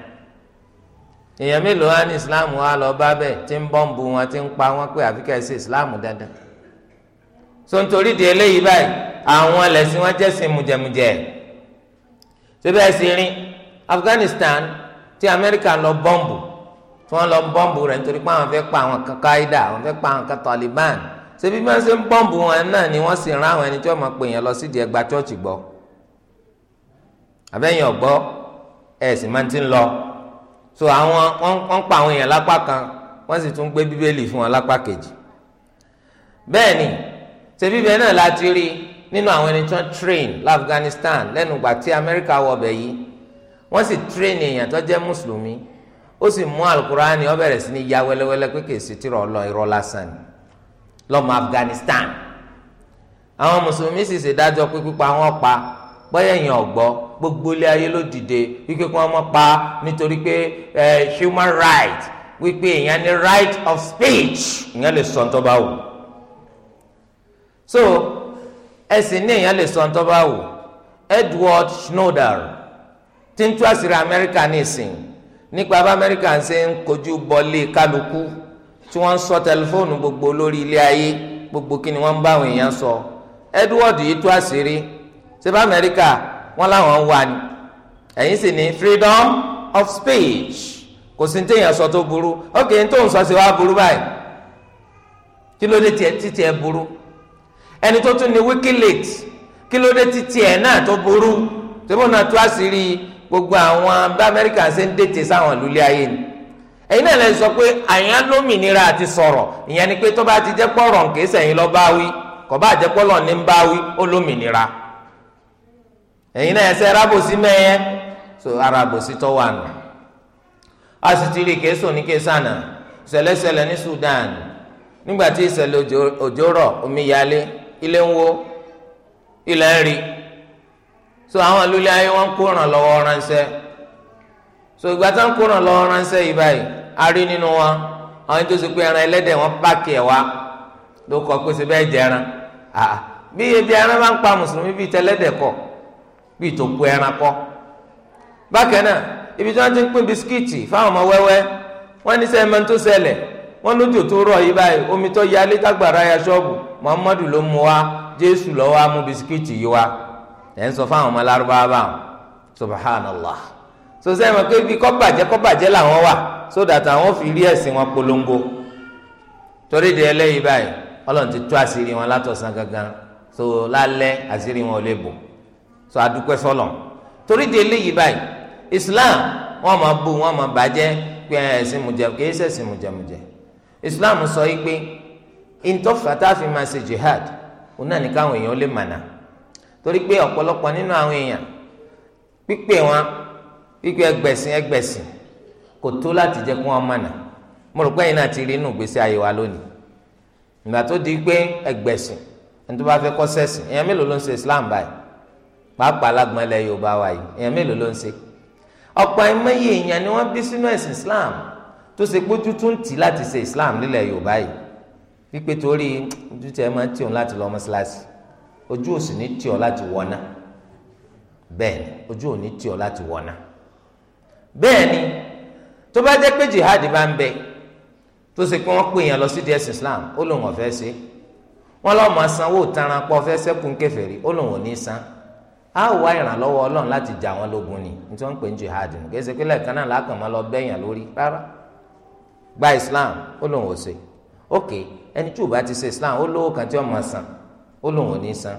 èèyàn mélòó wá ní Islam wá lọ bá bẹ́ẹ̀ tí ń bọ́ǹbù wọn tí ń pa wọn pé àfi kẹ́ ẹ sí Islam dandan so nítorí di eléyìí báyìí àwọn ẹlẹ́sìn wọn jẹ́sìn mùjẹ̀mùjẹ̀ síbẹ̀ sí rin Afghanistan ti Amẹ́ríkà lọ bọ́ǹbù kí wọ́n lọ bọ́ǹbù rẹ̀ nítorí pé àwọn fẹ́ pa àwọn kan àwọn fẹ́ pa àwọn kan Taliban ṣé bí wọ́n ṣe ń bọ́ǹbù wọn náà ni wọ́n sì rán àwọn ẹni tí wọ́n máa pè yẹn lọ sídìí ẹgbà chọ́ọ̀chì gbọ́ àbẹ́yìn ọ̀gbọ́ ẹ̀ sì máa ti ń lọ so àwọn wọ́n ń pa àwọn èèyàn lápá kan wọ́n sì tún gbé bíbélì fún wọn lápá kejì bẹ́ẹ̀ ni ṣe bíbẹ̀ náà la ti rí nínú àwọn ẹni tó ń train l'Afghanistan lẹ́nu ìgbà tí Amẹ́ríkà wọ̀ bẹ̀ yìí wọ́n sì train èèyàn tó jẹ́ mùsùlùmí ó sì mú alukurani ó bẹ̀rẹ̀ sí ní ya wẹ́lẹ́wẹ́lẹ́ pé kìí ṣe tìrọ̀ ọlọ́ irọ́ lásán ni lọ́mọ Afghanistan àwọn mùsùlùmí sì ṣèdájọ́ pé pípa wọn pa bọ́yẹ̀yìn ọ̀gbọ́ gbogbo ilé ayé ló dìde wípé kí wọ́n mọ̀ pa nítorí pé human right wípé èèyàn ní right of speech èèyàn lè sọ ǹ tó so ẹ̀sìn ní èèyàn lè sọ ǹ tó Edward Snowden tí ń tú àṣírí Amẹ́ríkà ní ìsìn nípa bá amẹ́ríkà ń ṣe ń kojú bọlé kálukú tí wọ́n ń sọ tẹlifóònù gbogbo lórí ilé ayé gbogbo kí ni wọ́n ń bá àwọn èèyàn sọ edward yìí tú àṣírí ṣèbá amẹ́ríkà wọ́n láwọn wà ní ẹ̀yìn sì ní freedom of speech kò sí téèyàn sọ tó burú ok n tó ń sọ sí wa burú báyìí kí ló dé tiẹ̀ títí ẹ burú ẹni tó tún ní wikileaks kí ló dé títí ẹ náà tó burú tẹ́fọ́n náà tú àṣírí yìí gbogbo àwọn bá amẹ́ríkà ṣe ń dètè sáwọn ìlú ilé ayé ni ẹ̀yin náà lè sọ pé àyàn lómìnira àti sọ̀rọ̀ ìyẹn ni pé tó bá ti jẹ́ pọ̀rọ̀ nkèésì ẹ̀yin lọ́ bá wí kò bá jẹ́ pọ̀lọ̀ ní bá wí ó lómìnira ẹ̀yin náà ẹsẹ̀ rábòsí mẹ́yẹ so arábòsí tó wà nù asitiri kèésì òní kèésì àná ṣẹlẹ̀ṣẹlẹ̀ ní Sudan nígbà tí ìṣẹ̀lẹ̀ òjò rọ̀ omi yalé ilé ń wó ilẹ̀ ń rí so àwọn ìlú ilé ayé wọn kó ràn lọ́wọ́ ránṣẹ́ so ìgbà tí wọn kó ràn lọ́wọ́ ránṣẹ́ yìí báyìí a rí nínú wọn àwọn tó ṣe pé ẹran ẹlẹ́dẹ̀ wọn pààkì ẹ̀ wá ló kọ pé ṣe bẹ́ẹ̀ jẹ ẹran bí ebi ẹran bá ń pa mùsùlùmí bíi kọ bíi tó ẹran kọ bákan náà ibi tí wọn ti ń pín bisikíìtì fáwọn ọmọ wẹ́wẹ́ wọn ní sẹ́yìn mẹ́tò wọn tó rọ̀ yìí báyìí omi ya ṣọ́ọ̀bù Muhammadu ló wa Jésù mú bisikíìtì yìí ẹ̀ ń sọ fáwọn ọmọ alárúbáwá subhanallah sọsẹ́ wọn pé ibi kọ́bàjẹ́ kọ́bàjẹ́ làwọn wà sódà táwọn fi rí ẹ̀sìn wọn polongo torí di ẹlẹ́yìí báyìí ọlọ́run ti àṣírí wọn látọ̀sán gangan so lálẹ́ àṣírí wọn ò so adúpẹ́ torí di ẹlẹ́yìí báyìí Islam wọn máa bu wọn máa bàjẹ́ pé ẹ̀sìn mùjẹ kì í ṣẹ̀sìn mùjẹmùjẹ Islam sọ yìí pé ìtọ́fà máa ṣe jihad káwọn èèyàn lè torí pé ọ̀pọ̀lọpọ̀ nínú àwọn èèyàn pípé wọn pípé ẹgbẹ̀sìn ẹgbẹ̀sìn kò tó láti jẹ́ kó wọn mọ̀nà mo rò pé ẹ̀yin náà ti rí inú ìgbésí ayé wa lónìí ìgbà tó di pé ẹgbẹ̀sìn ẹni tó bá fẹ́ kọ́ sẹ́sìn èèyàn mélòó ló ń ṣe Islam báyìí pàápàá alágbọ̀n ilẹ̀ Yorùbá wa yìí èèyàn mélòó ló ń ṣe ọ̀pọ̀ ẹ̀mẹ́yẹ èèyàn ni wọ́n bí sínú ẹ̀sìn Islam tó ṣe pé tuntun ń tì láti ṣe Islam nílẹ̀ Yorùbá yìí wípé torí ojútùú ẹ máa ń tì òun láti lọ mọ́ṣáláṣí ojú ò sì ní tì ọ́ láti wọná bẹ́ẹ̀ ni ojú ò ní tì ọ́ láti wọná bẹ́ẹ̀ ni tó bá pé jihad bá ń bẹ tó ṣe pé pè yàn lọ sí ds islam ó lòun ṣe wọ́n sanwó ó lòun ò ní san á wá ọlọ́run láti jà wọn lógun ni tí ń pè ní jihad nù kí lọ lórí rárá gba ok ẹni tí ó lóun ò ní san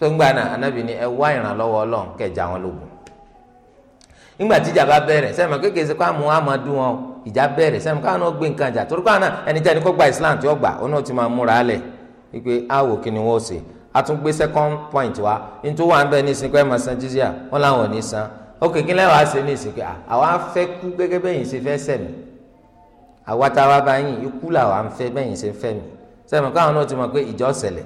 sọgbà náà anabi ni ẹ wá ìrànlọ́wọ́ Ọlọ́run kẹjà wọn lógun nígbà tíjà bá bẹ̀rẹ̀ sẹmọ kékeré sẹ kó àmú wọn ìjà bẹ̀rẹ̀ káwọn náà gbé nǹkan jà torí gba Islam tí ó gbà ó náà ti máa múra wípé àwò kí ni a tún gbé second point wa ní ẹ máa san wọn làwọn ò ní san ṣe ní àwa fẹ́ kú gẹ́gẹ́ bẹ́yìn ṣe fẹ́ ti mọ̀ pé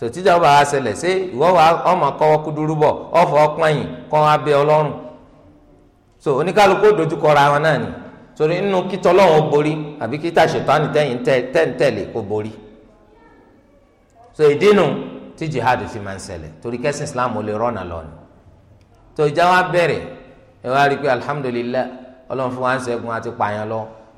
tòtíjà ọba wa ṣẹlẹ̀ ṣé ìwọ wa ọmọ kọ́wọ́ kúdúrú bọ̀ ọ̀fọ̀ ọ̀pọ̀nyìn kọ́ wa bẹ ọlọ́run so oníkálukú dojúkọ ra wọn náà ni torí nínú kítọ́ lọ́wọ́ borí àbí kíta ṣètọ́ni tẹ́yìn tẹ́ǹtẹ̀lé kó borí so ìdínú tí jihad fi máa ń ṣẹlẹ̀ torí kẹ́sìn Islam ò lè rọ́nà lọ ni tó wa bẹ̀rẹ̀ ẹ wá rí i pé alhamdulillah ọlọ́run fún wa ń ṣẹ́gun àti pààyàn lọ́wọ́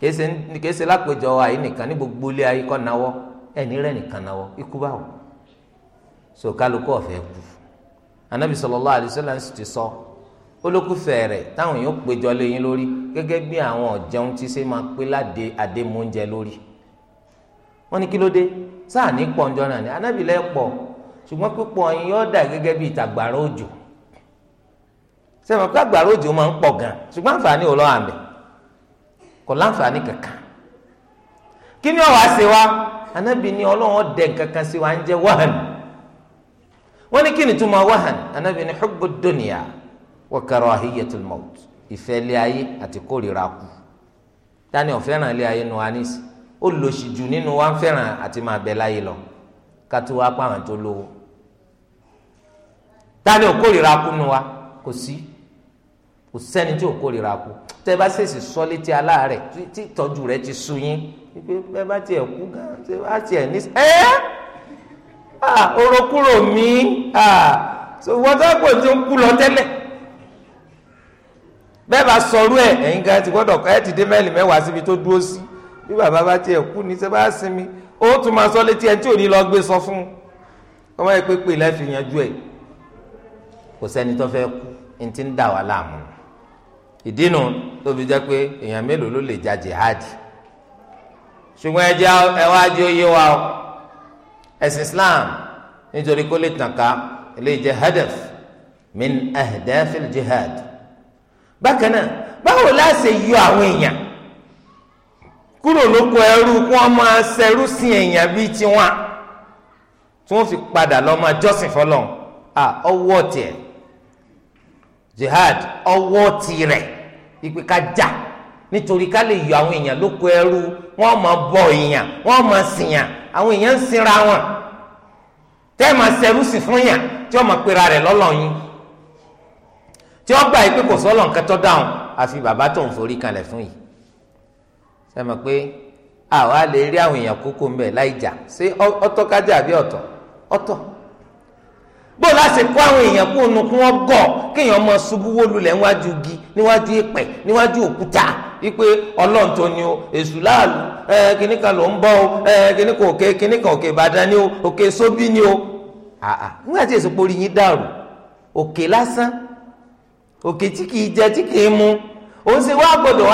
kèsè lápèjọ àyè nìkan ni gbogbo ilé ayé kọ́ náwọ́ ẹni rẹ̀ nìkan náwọ́ ikú báwò so kálukú ọ̀fẹ́ kú anabi sallallahu alaihi wasallam ti sọ olókùfẹ́ rẹ̀ táwọn èèyàn péjọ léyìn lórí gẹ́gẹ́ bí àwọn ọ̀jẹun ti ṣe máa pé láde àdémóúnjẹ lórí wọ́n ní kí ló dé sáà ní pọ̀njọ́ náà ni anabi lẹ́ pọ̀ ṣùgbọ́n pípọ̀ yín yóò dà gẹ́gẹ́ bí ìtàgbàrá òjò sẹ́wọ̀n pé àgbàrá òjò máa ń pọ̀ gan ṣùgbọ́n àǹfààní ò lọ́ àmì kò láǹfààní kankan kí ni ọwọ́ àṣẹ wa anabi ni ọlọ́wọ́n dẹ̀ kankan sí wa ń jẹ́ wahan wọ́n ní kí ni túmọ̀ wahan anabi ni hubbu dunya wa karahiyatul maut ìfẹ́ ilé ayé àti kórìíra kú tani ó fẹ́ràn ilé ayé nu anis ó lòsì jù nínú wa ń fẹ́ràn àti máa bẹ láyé lọ kátó wa pa tó lówó tani ó kórìíra kú nu wa kò sí. Si kò sẹ́ni tí ò kórìíra kú tẹ́ bá ṣèṣì sọ létí aláàárẹ̀ tí ìtọ́jú rẹ̀ ti sú yín pé bẹ́ẹ̀ bá tiẹ̀ kú gan ṣe bá tiẹ̀ ní. ẹ orokúrò mi wọ́tọ́pọ̀ tí ń kú lọ tẹ́lẹ̀ bẹ́ẹ̀ bá sọrú ẹ̀ ẹ̀yin gan ti gbọ́dọ̀ ẹ̀ ti dé mẹ́lì mẹ́wàá síbi tó dúró sí bí bàbá bá tiẹ̀ kú ní ṣe bá sinmi ó tún máa sọ létí ẹ̀ tí ò ní lọ gbé sọ fún un ọmọ ẹ̀ pé pè lẹ́ẹ̀fì yanjú ẹ̀ kò sẹ́ni tó fẹ́ kú ní ti ń dà wá láàmú. ìdínú tó fi jẹ́ pé èèyàn mélòó ló lè ja jihadi ṣùgbọ́n ẹ jẹ́ ẹ wá jẹ́ oyé wa o ẹ̀sìn Islam nítorí kó lè tàn ká eléyìí jẹ́ hadaf min ahdafil jihad bákan náà báwo la ṣe yọ àwọn èèyàn kúrò lóko ẹrú kí wọ́n máa ṣẹrú sí èèyàn bíi tiwọn tí wọ́n fi padà lọ máa jọ́sìn fọ́lọ́run ọwọ́ tiẹ̀ jihad ọwọ́ tirẹ̀ ìpè ká jà nítorí ká lè yọ àwọn èèyàn lóko ẹrú wọn máa bọ èèyàn wọn máa sìyàn àwọn èèyàn ń sinra wọn tẹ́ ẹ máa ṣẹrú sí fún yàn tí wọ́n máa pera rẹ̀ lọ́lọ́yin tí wọ́n gbà yìí pé kò sọ́lọ̀ nǹkan tó dáhùn àfi bàbá tó ń forí kalẹ̀ fún yìí ṣe mọ̀ pé àwa lè rí àwọn èèyàn kókó ń bẹ̀ láì jà ṣé ọtọ́ kájà àbí ọ̀tọ̀ ọ̀tọ̀ bó láti kó àwọn èèyàn kó nu kí wọ́n gọ̀ kéèyàn máa ṣubú wólulẹ̀ níwájú igi níwájú níwájú òkúta wípé ọlọ́run tó ni o èṣù láàlú ń bọ́ o ẹ kíní kan òkè kíní kan òkè ìbàdàn ni o òkè ni o nígbà tí èso porí yín dàrú òkè lásán òkè tí kìí jẹ tí kìí mu òun ṣe wá gbọdọ̀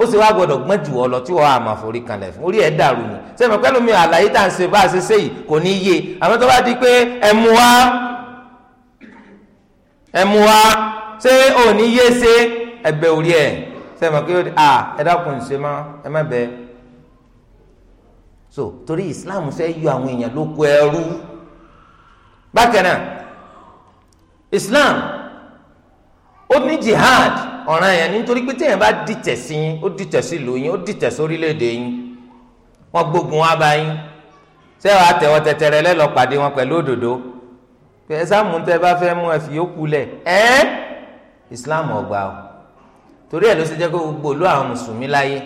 ó sì wá gbọdọ̀ gbọ́n jù ọ lọ tí wọ́n á máa forí kanlẹ̀ fún orí ẹ̀ dàrú ni sẹ́mi pẹ́lú mi àlàyé tá à ń ṣe bá a ṣe ṣe yìí kò ní yé àmọ́ tó bá di pé ẹ mú wa ẹ mú wa ṣé ò ní yé ṣe ẹgbẹ́ orí ẹ̀ sẹ́mi pé à ẹ dákun ṣe má ẹ má bẹ so torí Islam fẹ́ yọ àwọn èèyàn lóko ẹrú bákan náà Islam ó ní jihad ọ̀ràn yẹn nítorí pé téèyàn bá dìtẹ̀ sí yín ó dìtẹ̀ sí ìlú yín ó dìtẹ̀ sí orílẹ̀-èdè yín wọ́n gbógun wá bá yín ṣé wàá tẹ̀wọ́ tẹ̀tẹ̀rẹ̀ lẹ́lọ́ pàdé wọn pẹ̀lú òdòdó pé ẹ̀sàmù tẹ́ bá fẹ́ mú ẹ̀fì yókù lẹ̀ ẹ́ ìsìláàmù ọgbà o torí ẹ̀ ló ṣe jẹ́ kó gbogbo ìlú àwọn mùsùlùmí láyé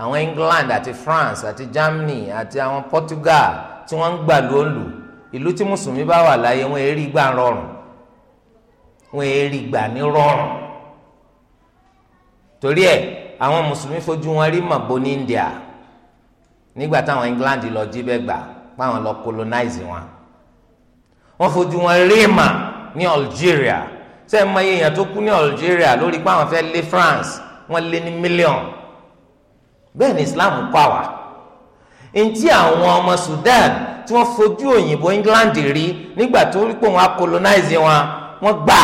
àwọn England àti France àti Germany àti àwọn Portugal tí wọ́n ń gbà lóńlù ìlú tí mùsùlùmí bá wà láyé wọ́n èrí gbà rọrùn wọ́n èrí gbà ní rọrùn torí ẹ̀ àwọn mùsùlùmí fojú wọn rí màbo ní India nígbà táwọn England lọ jí bẹ́ẹ̀ gbà páwọn lọ colonize wọn wọ́n fojú wọn rí mà ní Algeria sẹ́yìn mọ èèyàn tó kú ní Algeria lórí páwọn fẹ́ lé France wọ́n lé ní mílíọ̀nù bẹ́ẹ̀ ni Islam kọ́ àwa ntí àwọn ọmọ Sudan tí wọ́n fojú òyìnbó England rí nígbà tó rí pé wọ́n á colonize wọn wọ́n gbà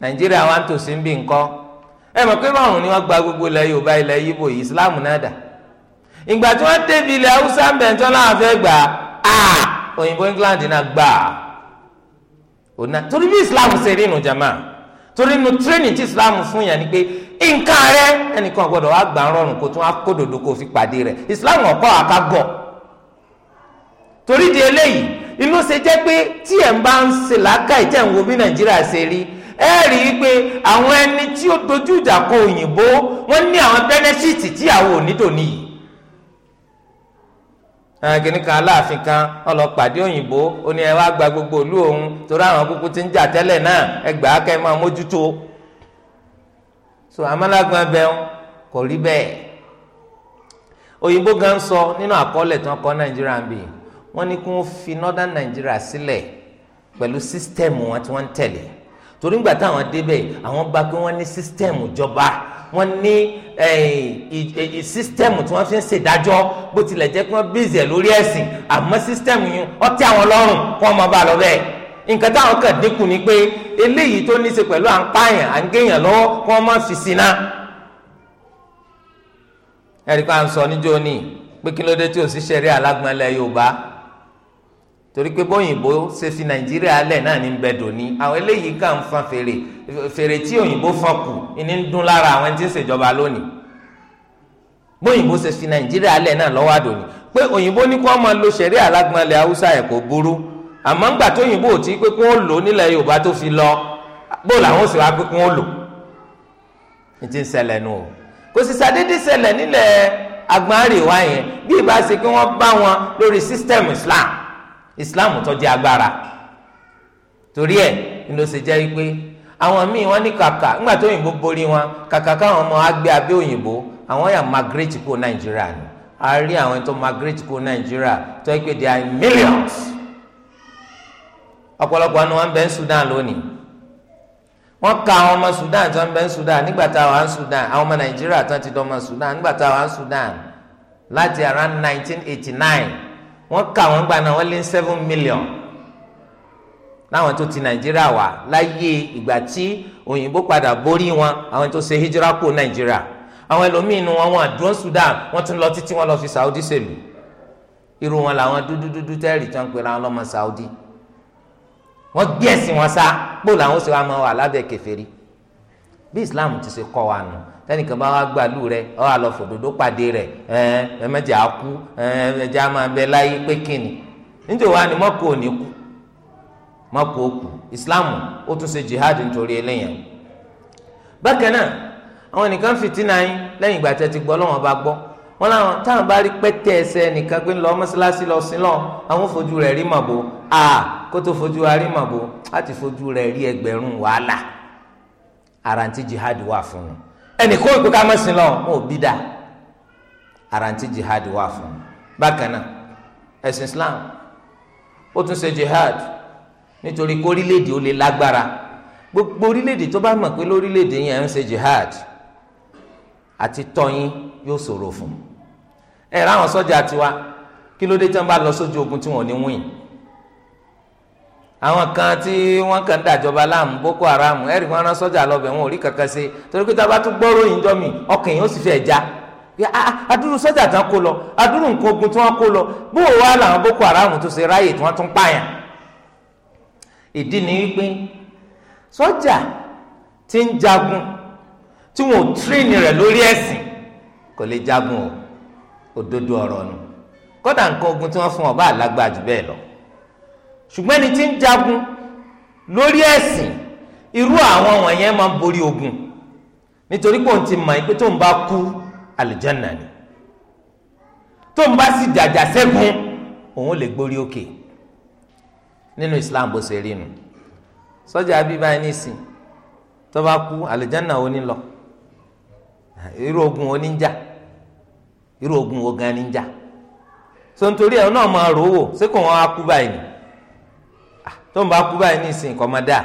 Nàìjíríà wa ń tòsí ń bí nǹkan ẹ mọ̀ pé ni wọ́n gba gbogbo ilẹ̀ Yorùbá ilẹ̀ Yíbò Islam náà dà ìgbà tí wọ́n débi ilẹ̀ Haúsá ń bẹ̀ntọ́ láwọn fẹ́ gbà á òyìnbó England náà gbà á torí bí Islam ṣe nu jama torí nu training tí Islam fún ni pé nǹkan rẹ ẹnìkan gbọ́dọ̀ wá gbà ń rọrùn tún á kó rẹ Islam torí di eléyìí inú ṣe pé tí ẹ̀ ń ń ẹ rí i pé àwọn ẹni tí ó dojú ìjà kọ òyìnbó wọ́n ní àwọn bẹ́nẹ́sìtì tí àwọn òní tò níyì kìnnì kan aláàfin kan ọlọ́pàdé òyìnbó ó ní ẹ wá gba gbogbo ìlú òun torí àwọn kúkú ti ń jà tẹ́lẹ̀ náà ẹ gbà á kẹ́ ẹ máa mójútó so amálágbọn abẹ́hùn kò rí bẹ́ẹ̀ òyìnbó gan sọ nínú àkọọ́lẹ̀ tí wọ́n kọ́ nàìjíríà ń bì wọ́n ní kí wọ́n fi northern nàìjíríà sílẹ̀ pẹ̀lú sísítẹ́ẹ̀mù wọn tí wọ́n ń tẹ̀lé torí ngbà táwọn débẹ̀ àwọn bá pé wọ́n ní sísítẹ́ẹ̀mù ìjọba wọ́n ní eh, sísítẹ́ẹ̀mù tí wọ́n fi ń ṣèdájọ́ bó tilẹ̀ jẹ́ pé wọ́n bíìsì ẹ̀ lórí ẹ̀sìn àmọ́ sísítẹ́ẹ̀mù yìí ó tẹ́ àwọn lọ́rùn kó wọ́n máa bá a lọ bẹ́ẹ̀ nǹkan táwọn kàn dínkù ni pé eléyìí tó ní í ṣe pẹ̀lú à ń pààyàn à ń géèyàn lọ́wọ́ kó wọ́n máa fi sinna. ẹ̀rí kan sọ níjó ni pé kí ló dé tí ò sí ṣẹ̀rí alágbọ̀nlẹ̀ Yorùbá torí pé bóyìnbó ṣe fi nàìjíríà lẹ̀ náà ní bẹ́ẹ̀dọ̀ ni àwọn eléyìí kà ń fan fèrè fèrè tí òyìnbó fọn kù ní ń dún lára àwọn tí ń ṣèjọba lónìí bóyìnbó ṣe fi nàìjíríà lẹ̀ náà lọ́wọ́ àdòní pé òyìnbó ní kí wọ́n máa lo ṣẹ̀rí alágbọ̀nlẹ̀ haúsá ẹ̀ kò burú àmọ́ ńgbà tó òyìnbó ò tí pé kí wọ́n lò nílẹ̀ yorùbá tó fi lọ bó làwọn sì wá pé kí wọ́n lò wa yẹn bí ìbá ṣe kí wọ́n bá wọn lórí system islam islam tó di agbára torí ẹ ló ṣe jẹ́ pé àwọn míì wọ́n ní kàkà nígbà tó òyìnbó borí wọn kàkà káwọn ọmọ agbé abẹ́ òyìnbó àwọn yà kó nàìjíríà ni a rí àwọn tó migrate kó nàìjíríà tó yẹ pé they are millions ọ̀pọ̀lọpọ̀ bẹ sudan lónìí wọ́n ka àwọn ọmọ sudan tó ń bẹ sudan nígbà tá àwọn sudan àwọn ọmọ nàìjíríà tó ti sudan wọ́n kà wọ́n gbà náà wọ́n lé seven million láwọn tó ti nàìjíríà wà láyé ìgbà tí òyìnbó padà borí wọn àwọn tó ṣe hijira kó nàìjíríà àwọn ẹlòmíín nu wọn wọn àdúró Sudan wọ́n tún lọ títí wọ́n lọ fi Saudi ṣèlú irú wọn làwọn dúdúdúdú tẹ́rì tó ń pera wọn lọ́mọ Saudi wọ́n gbé ẹ̀sìn wọn sá kpó làwọn ó sì wá máa wà lábẹ́ kèfèrí bí islam ti se kọ wa nù tẹnìkan bá wá gbàlú rẹ ọ wà lọ fòdodo pàdé rẹ ẹ ẹ mẹjẹ á kú ẹ mẹjẹ á máa bẹ láyé pé kíni níjẹ wa ni mọ́kò ò ní kú mọ́kò ó kú islam ó tún ṣe jihad nítorí eléyàn bákan náà àwọn nìkan fìtínà yín lẹ́yìn ìgbà tẹ́ ti gbọ́ lọ́wọ́n bá gbọ́ wọn làwọn táwọn bá rí pẹ́tẹ́ ẹsẹ̀ nìkan pé ńlọ mọ́ṣáláṣí lọ sí lọ àwọn fojú rẹ̀ rí màbo a kó tó fojú wa rí màbo á ti fojú rẹ̀ rí ẹgbẹ̀rún wàhálà arantí jihad wà fún un ẹnì kó ìpínká mọ́sìn lọ wọn ò bí dà arantí jihad wà fún un bákan náà ẹ̀sìn Islam ó tún ṣe jihad nítorí kó orílẹ̀-èdè ó lè lágbára gbogbo orílẹ̀-èdè tó bá mọ̀ pé lórílẹ̀-èdè yẹn ń ṣe jihad àti tọ́yìn yóò ṣòro fún un ẹ̀ ráwọn sọ́jà tiwa kí ló dé tí wọ́n bá lọ sójú ogun tí wọ́n ní wíìn àwọn kan tí wọn kàn dàjọba láàmú boko haram ẹrí wọn rán sọjà lọbẹ wọn ò rí kankan ṣe torí pé tábà tún gbọ́ ròyìn jọ mi ọkàn yìí ó sì fẹ́ já ah, ah, adúrú sọjà tán kó lọ adúrú nǹkan ogun tí wọn kó lọ bóò wá làwọn boko haram tó ṣe ráàyè tí wọn tún pààyàn. ìdí ni wípé sọjà tí ń jagun tí wọn ò tírìnì rẹ lórí ẹ̀sìn kò lè jagun o òdodo ọ̀rọ̀ nù kódà nǹkan ogun tí wọn fún ọ bá lágbájú bẹ́ẹ̀ lọ ṣùgbọ́n ẹni tí ń jagun lórí ẹ̀sìn irú àwọn wọ̀nyẹn máa ń borí ogun nítorí pé òun ti mọ̀ pé tóun bá kú àlùjánnà ni tóun bá sì dàjà ṣẹ́gun òun lè gbórí òkè nínú Islam bó ṣe rí nu sọ́jà bíbá ẹni sìn tó bá kú àlùjánnà òun ní lọ irú ogun òun ní jà irú ogun òun gan ní jà sọ nítorí ẹ̀ náà máa rò ó wò ṣé kò á kú báyìí tó ń bá kú báyìí ní ìsìn kọ́mọdà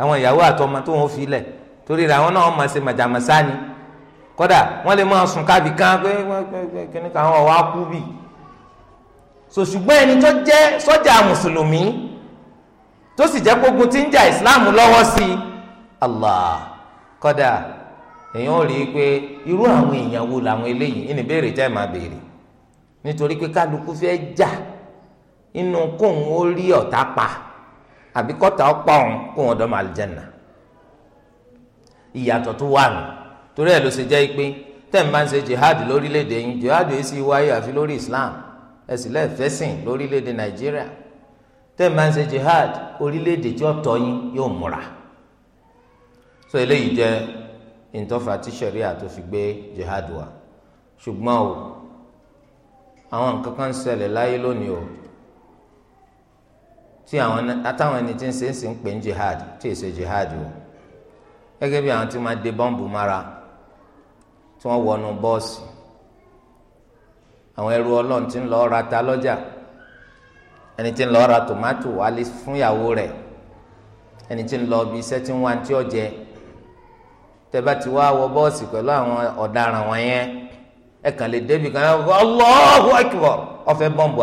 àwọn ìyàwó àtọmọ tó wọn fi lẹ̀ torí ra àwọn náà wọn máa ṣe màjàmásá ni kódà wọn lè máa sùn kábi kan pé kíní kan àwọn ọ̀wá kú bì so ṣùgbọ́n ẹni tó jẹ́ sọ́jà mùsùlùmí tó jẹ́ tí ń jà ìsìláàmù lọ́wọ́ sí Allah kódà èèyàn pé irú àwọn èèyàn wo làwọn eléyìí máa béèrè nítorí pé àbí kọ́ta ọ̀pá òun kó wọn dọ́mọ àlìjẹ́nà ìyàtọ̀ tó wà nù torí ẹ̀ ló ṣe jẹ́ pé tẹ́ẹ̀ máa ń ṣe jihad lórílẹ̀‐èdè yín jihad yìí sì wáyé àfi lórí Islam ẹ̀ sì lẹ́ẹ̀fẹ́sìn lórílẹ̀‐èdè Nàìjíríà tẹ́ẹ̀ máa ń ṣe jihad orílẹ̀‐èdè tí ọ̀tọ̀ yín yóò múra so eléyìí jẹ́ ìtọ́fà tí ṣẹ̀ríà tó fi gbé jihad wá ṣùgbọ́n o àwọn nǹkan kan ń ṣẹlẹ̀ láyé lónìí o tí àwọn àtàwọn ẹni tí ń ṣe ń sìn ń jihad tí jihad o gẹ́gẹ́ bí àwọn tí máa de bọ́ǹbù mára tí wọ́n wọnú bọ́ọ̀sì àwọn ẹrú ọlọ́run tí ń lọ ra ta lọ́jà ẹni tí ń lọ ra tòmátò wálé fúnyàwó rẹ̀ ẹni tí ń lọ bí iṣẹ́ tí ń wá tí ó jẹ bá ti wá wọ bọ́ọ̀sì pẹ̀lú àwọn ọ̀daràn wọn yẹn ẹ kàn lè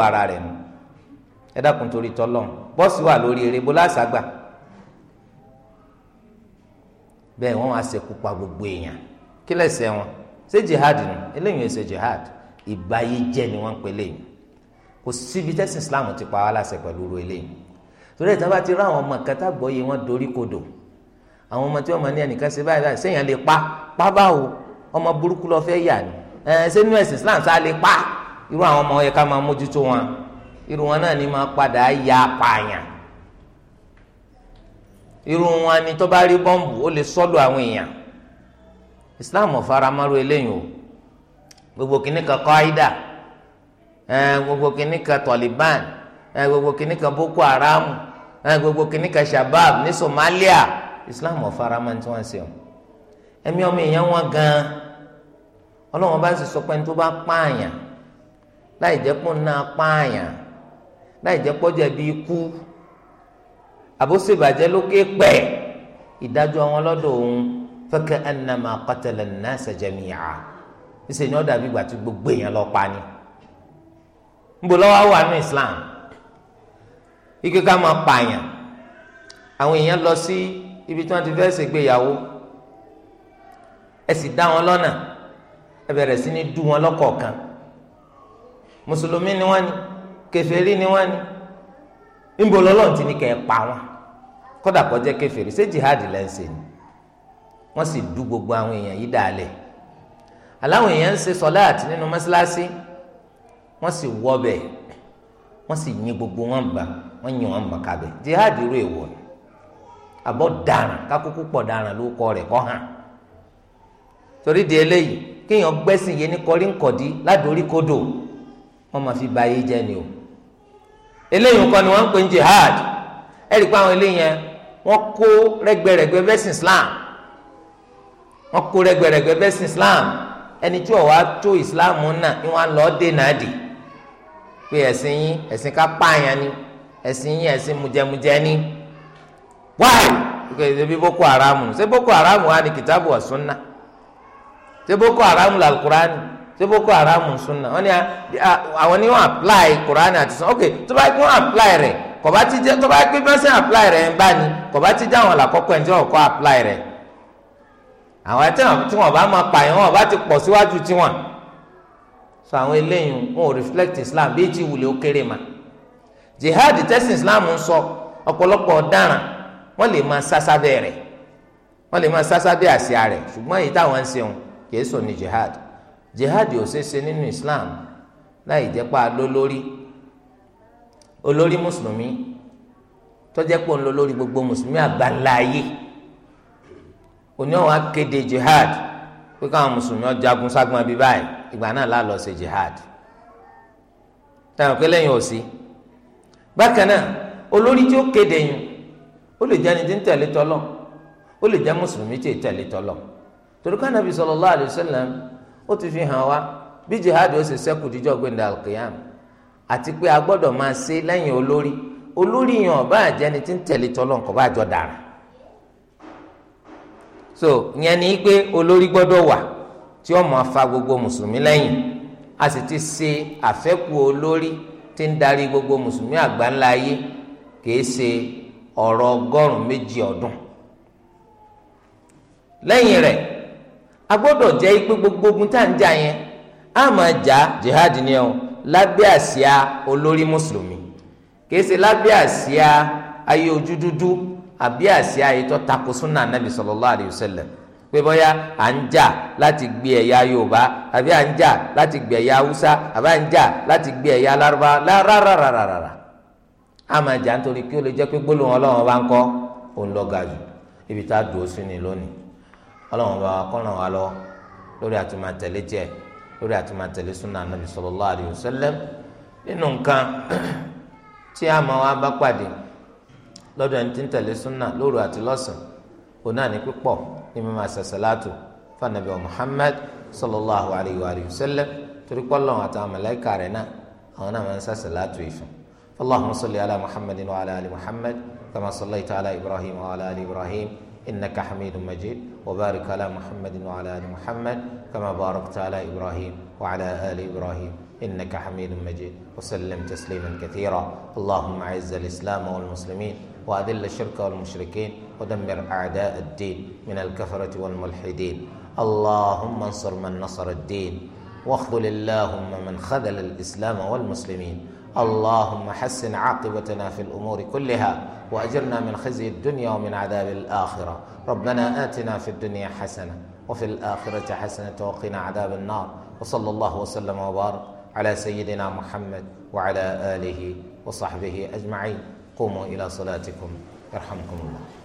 ara rẹ̀ ẹ dákun torí tọlọ́n bọ́ọ̀sì wà lórí eré bó lásàgbà bẹ́ẹ̀ wọ́n wá ṣekú pa gbogbo èèyàn kí lẹ́sẹ̀ wọn ṣé jihad ni eléyìí ṣe jihad ìbáyé jẹ́ ni wọ́n ń pè léyìn kò síbi tẹ́sán Islam ti pa wá láṣẹ pẹ̀lú ru eléyìí torí ẹ̀ tí wọ́n bá ti rá àwọn ọmọ kẹta gbọ́yé wọn dorí kodò àwọn ọmọ tí wọn máa ní ẹnìkan ṣe báyìí báyìí sẹ́yìn lè pa pa báwo ọmọ burúkú lọ fẹ́ yà ni ẹ ṣé nínú ẹ̀sìn Islam ṣá lè pa irú àwọn ọmọ yẹ ká máa mójútó wọn irun wọn náà ni máa padà ya apààyàn irun wọn ni tó bá rí bọ́ǹbù ó lè sọ́dọ̀ àwọn èèyàn Islam ọ̀faramaru eléyìí o gbogbo kìnnì kan qaida gbogbo kìnnì kan Taliban gbogbo kìnnì kan Boko Haram gbogbo kìnnì kan Shabab ní Somalia Islam ọ̀faramá tí wọ́n ń ṣe o ẹ̀mí ọmọ èèyàn wọn gan-an ọlọ́wọ́n bá sì sọ pé ní tó bá pààyàn láì jẹ́ pọ́n náà pààyàn láì jẹ́ pọ́jẹ́ bí ikú àbóṣèbàjẹ́ lókè pẹ́ ìdájọ́ wọn lọ́dọ̀ òun fẹ́kẹ́ ẹnàmà kọ́tẹ̀lẹ̀ náà ṣẹ̀jẹ̀mìyà ṣe ni ó dàbí ìgbà tí gbogbo èèyàn lọ pa ni nbọ lọ́wọ́ wà ní Islam ike ká máa pààyàn àwọn èèyàn lọ sí ibi tí wọ́n ti fẹ́ ṣègbéyàwó ẹ sì dá wọn lọ́nà ẹ bẹ̀rẹ̀ sí ní dú wọn lọ́kọ̀ọ̀kan mùsùlùmí ni wọ́n ni. kèfèrí ni wọ́n ní ntị ti ní ẹ pa wọn kódà ṣé jihad lẹ́ ń ṣe ni wọ́n sì dú gbogbo àwọn èèyàn yìí dàlẹ̀ aláwọn èèyàn ń ṣe sọláàt nínú wọ́n sì wọ́bẹ̀ wọ́n sì yin gbogbo wọn bá yin wọn jihad ló kọ kọ hàn torí di eléyìí kéèyàn gbẹ́sìn yé ní kọrí ńkọ̀dí fi ba ayé ni o. eléyìí nǹkan ni wọ́n ń pè ní jihad ẹ̀rí pé àwọn eléyìí yẹn wọ́n kó rẹ́gbẹ̀rẹ́gbẹ́ bẹ́sìn islam wọ́n kó rẹ́gbẹ̀rẹ́gbẹ́ bẹ́sìn islam ẹni tí ó wá tó islam náà ni wọ́n lọ́ọ́ dènà dì pé ẹ̀sìn yín ẹ̀sìn ká pààyàn ni ẹ̀sìn yín ẹ̀sìn mujẹmujẹ ni wáyé ìkẹyẹ bí boko haram ṣé boko haram wà ní kìtàbù wa sunna ṣé boko haram làlùkùránì ṣé boko haram sunna wọn ni àwọn ni wọn apply quran àti sunna ok tó bá kún apply rẹ kò bá ti jẹ tó bá pé bá ṣe apply rẹ ń bá ni kò bá ti jẹ àwọn làkọ́kọ́ ẹni tí wọn kọ apply rẹ àwọn àti àwọn tí wọn bá máa pààyàn wọn bá ti pọ̀ síwájú tiwọn so àwọn eléyìí wọn ò reflect islam bí etí wulẹ̀ ó kéré ma jihad tẹ́sí islam ń sọ ọ̀pọ̀lọpọ̀ ọ̀daràn wọ́n lè máa sásá bẹ́ẹ̀ rẹ̀ wọ́n lè máa sásá bẹ́ẹ̀ àṣìá ṣùgbọ́n èyí táwọn ń ṣe òun kì í sọ ní jihad jihadi ò ṣeéṣe nínú islam láì jẹ́ pa lólórí olórí mùsùlùmí tọ́jẹ́ pọ̀ ń lọ lórí gbogbo mùsùlùmí àgbáńlá ayé òní ọ̀wá kéde jihad pé káwọn mùsùlùmí ọjàgun ságun abí báyìí ìgbà náà la lọ ṣe jihad táwọn pé lẹ́yìn òsì bákan náà olórí tí ó kéde yìí ó lè jẹ́ tí ń tẹ̀lé tọ́lọ̀ ó lè jẹ́ mùsùlùmí tí ì tẹ̀lé tọ́lọ̀ torí ká nàbì sallallahu ó ti fi hàn wá bí jihad ó sì ṣẹ́kù díjọ́ gbẹ̀ndà alqiyam àti pé a gbọ́dọ̀ máa ṣe lẹ́yìn olórí olórí yẹn ọba àjẹni tí ń tẹ̀lé tọ́lọ́n kọ́ bá jọ dára so ìyẹn ni pé olórí gbọ́dọ̀ wà tí ó máa fa gbogbo mùsùlùmí lẹ́yìn a sì ti ṣe àfẹ́kù olórí tí ń darí gbogbo mùsùlùmí àgbáńlá ayé kìí ṣe ọ̀rọ̀ ọgọ́rùn-ún méjì ọdún lẹ́yìn rẹ̀ a gbọ́dọ̀ jẹ́ pé gbogbo ogun tá à ń jà yẹn a máa jà jihad ni ọ lábẹ́ àsíá olórí mùsùlùmí kìí ṣe lábẹ́ àsíá ayé ojú dúdú àbí àsíá ìtọ́ tako súnà anábì sallallahu alayhi wa sallam pé bọ́yá à ń jà láti gbé ẹ̀yà yorùbá àbí à ń jà láti gbé ẹ̀yà haúsá àbí à ń jà láti gbé ẹ̀yà lárúbá rárárárárá a máa jà nítorí kí ó lè jẹ́ pé gbólóhùn ọlọ́run bá ń kọ́ òun lọ́gàjù ibi tá a dùn ó sí ni lónìí ọlọ́run bá wa kọ́ràn wa lọ lórí àti máa tẹ̀lé tiẹ̀ lórí àti máa tẹ̀lé súnà nàbì sallallahu alayhi wa sallam nínú nǹkan tí a máa wá bá pàdé lọ́dọ̀ ẹni tí ń tẹ̀lé súnà lóru àti lọ́sàn òun náà ní pípọ̀ ní mímọ́ àṣàṣàlátù fanabi Muhammad sallallahu alayhi wa sallam torí pọ́lọ́ àtàwọn màláíkà rẹ̀ náà àwọn náà máa ń ṣàṣàlátù إنك حميد مجيد وبارك على محمد وعلى آل محمد كما باركت على إبراهيم وعلى آل إبراهيم إنك حميد مجيد وسلم تسليما كثيرا اللهم أعز الإسلام والمسلمين وأذل الشرك والمشركين ودمر أعداء الدين من الكفرة والملحدين اللهم انصر من نصر الدين واخذل اللهم من خذل الإسلام والمسلمين اللهم حسن عاقبتنا في الامور كلها واجرنا من خزي الدنيا ومن عذاب الاخره ربنا اتنا في الدنيا حسنه وفي الاخره حسنه وقنا عذاب النار وصلى الله وسلم وبارك على سيدنا محمد وعلى اله وصحبه اجمعين قوموا الى صلاتكم يرحمكم الله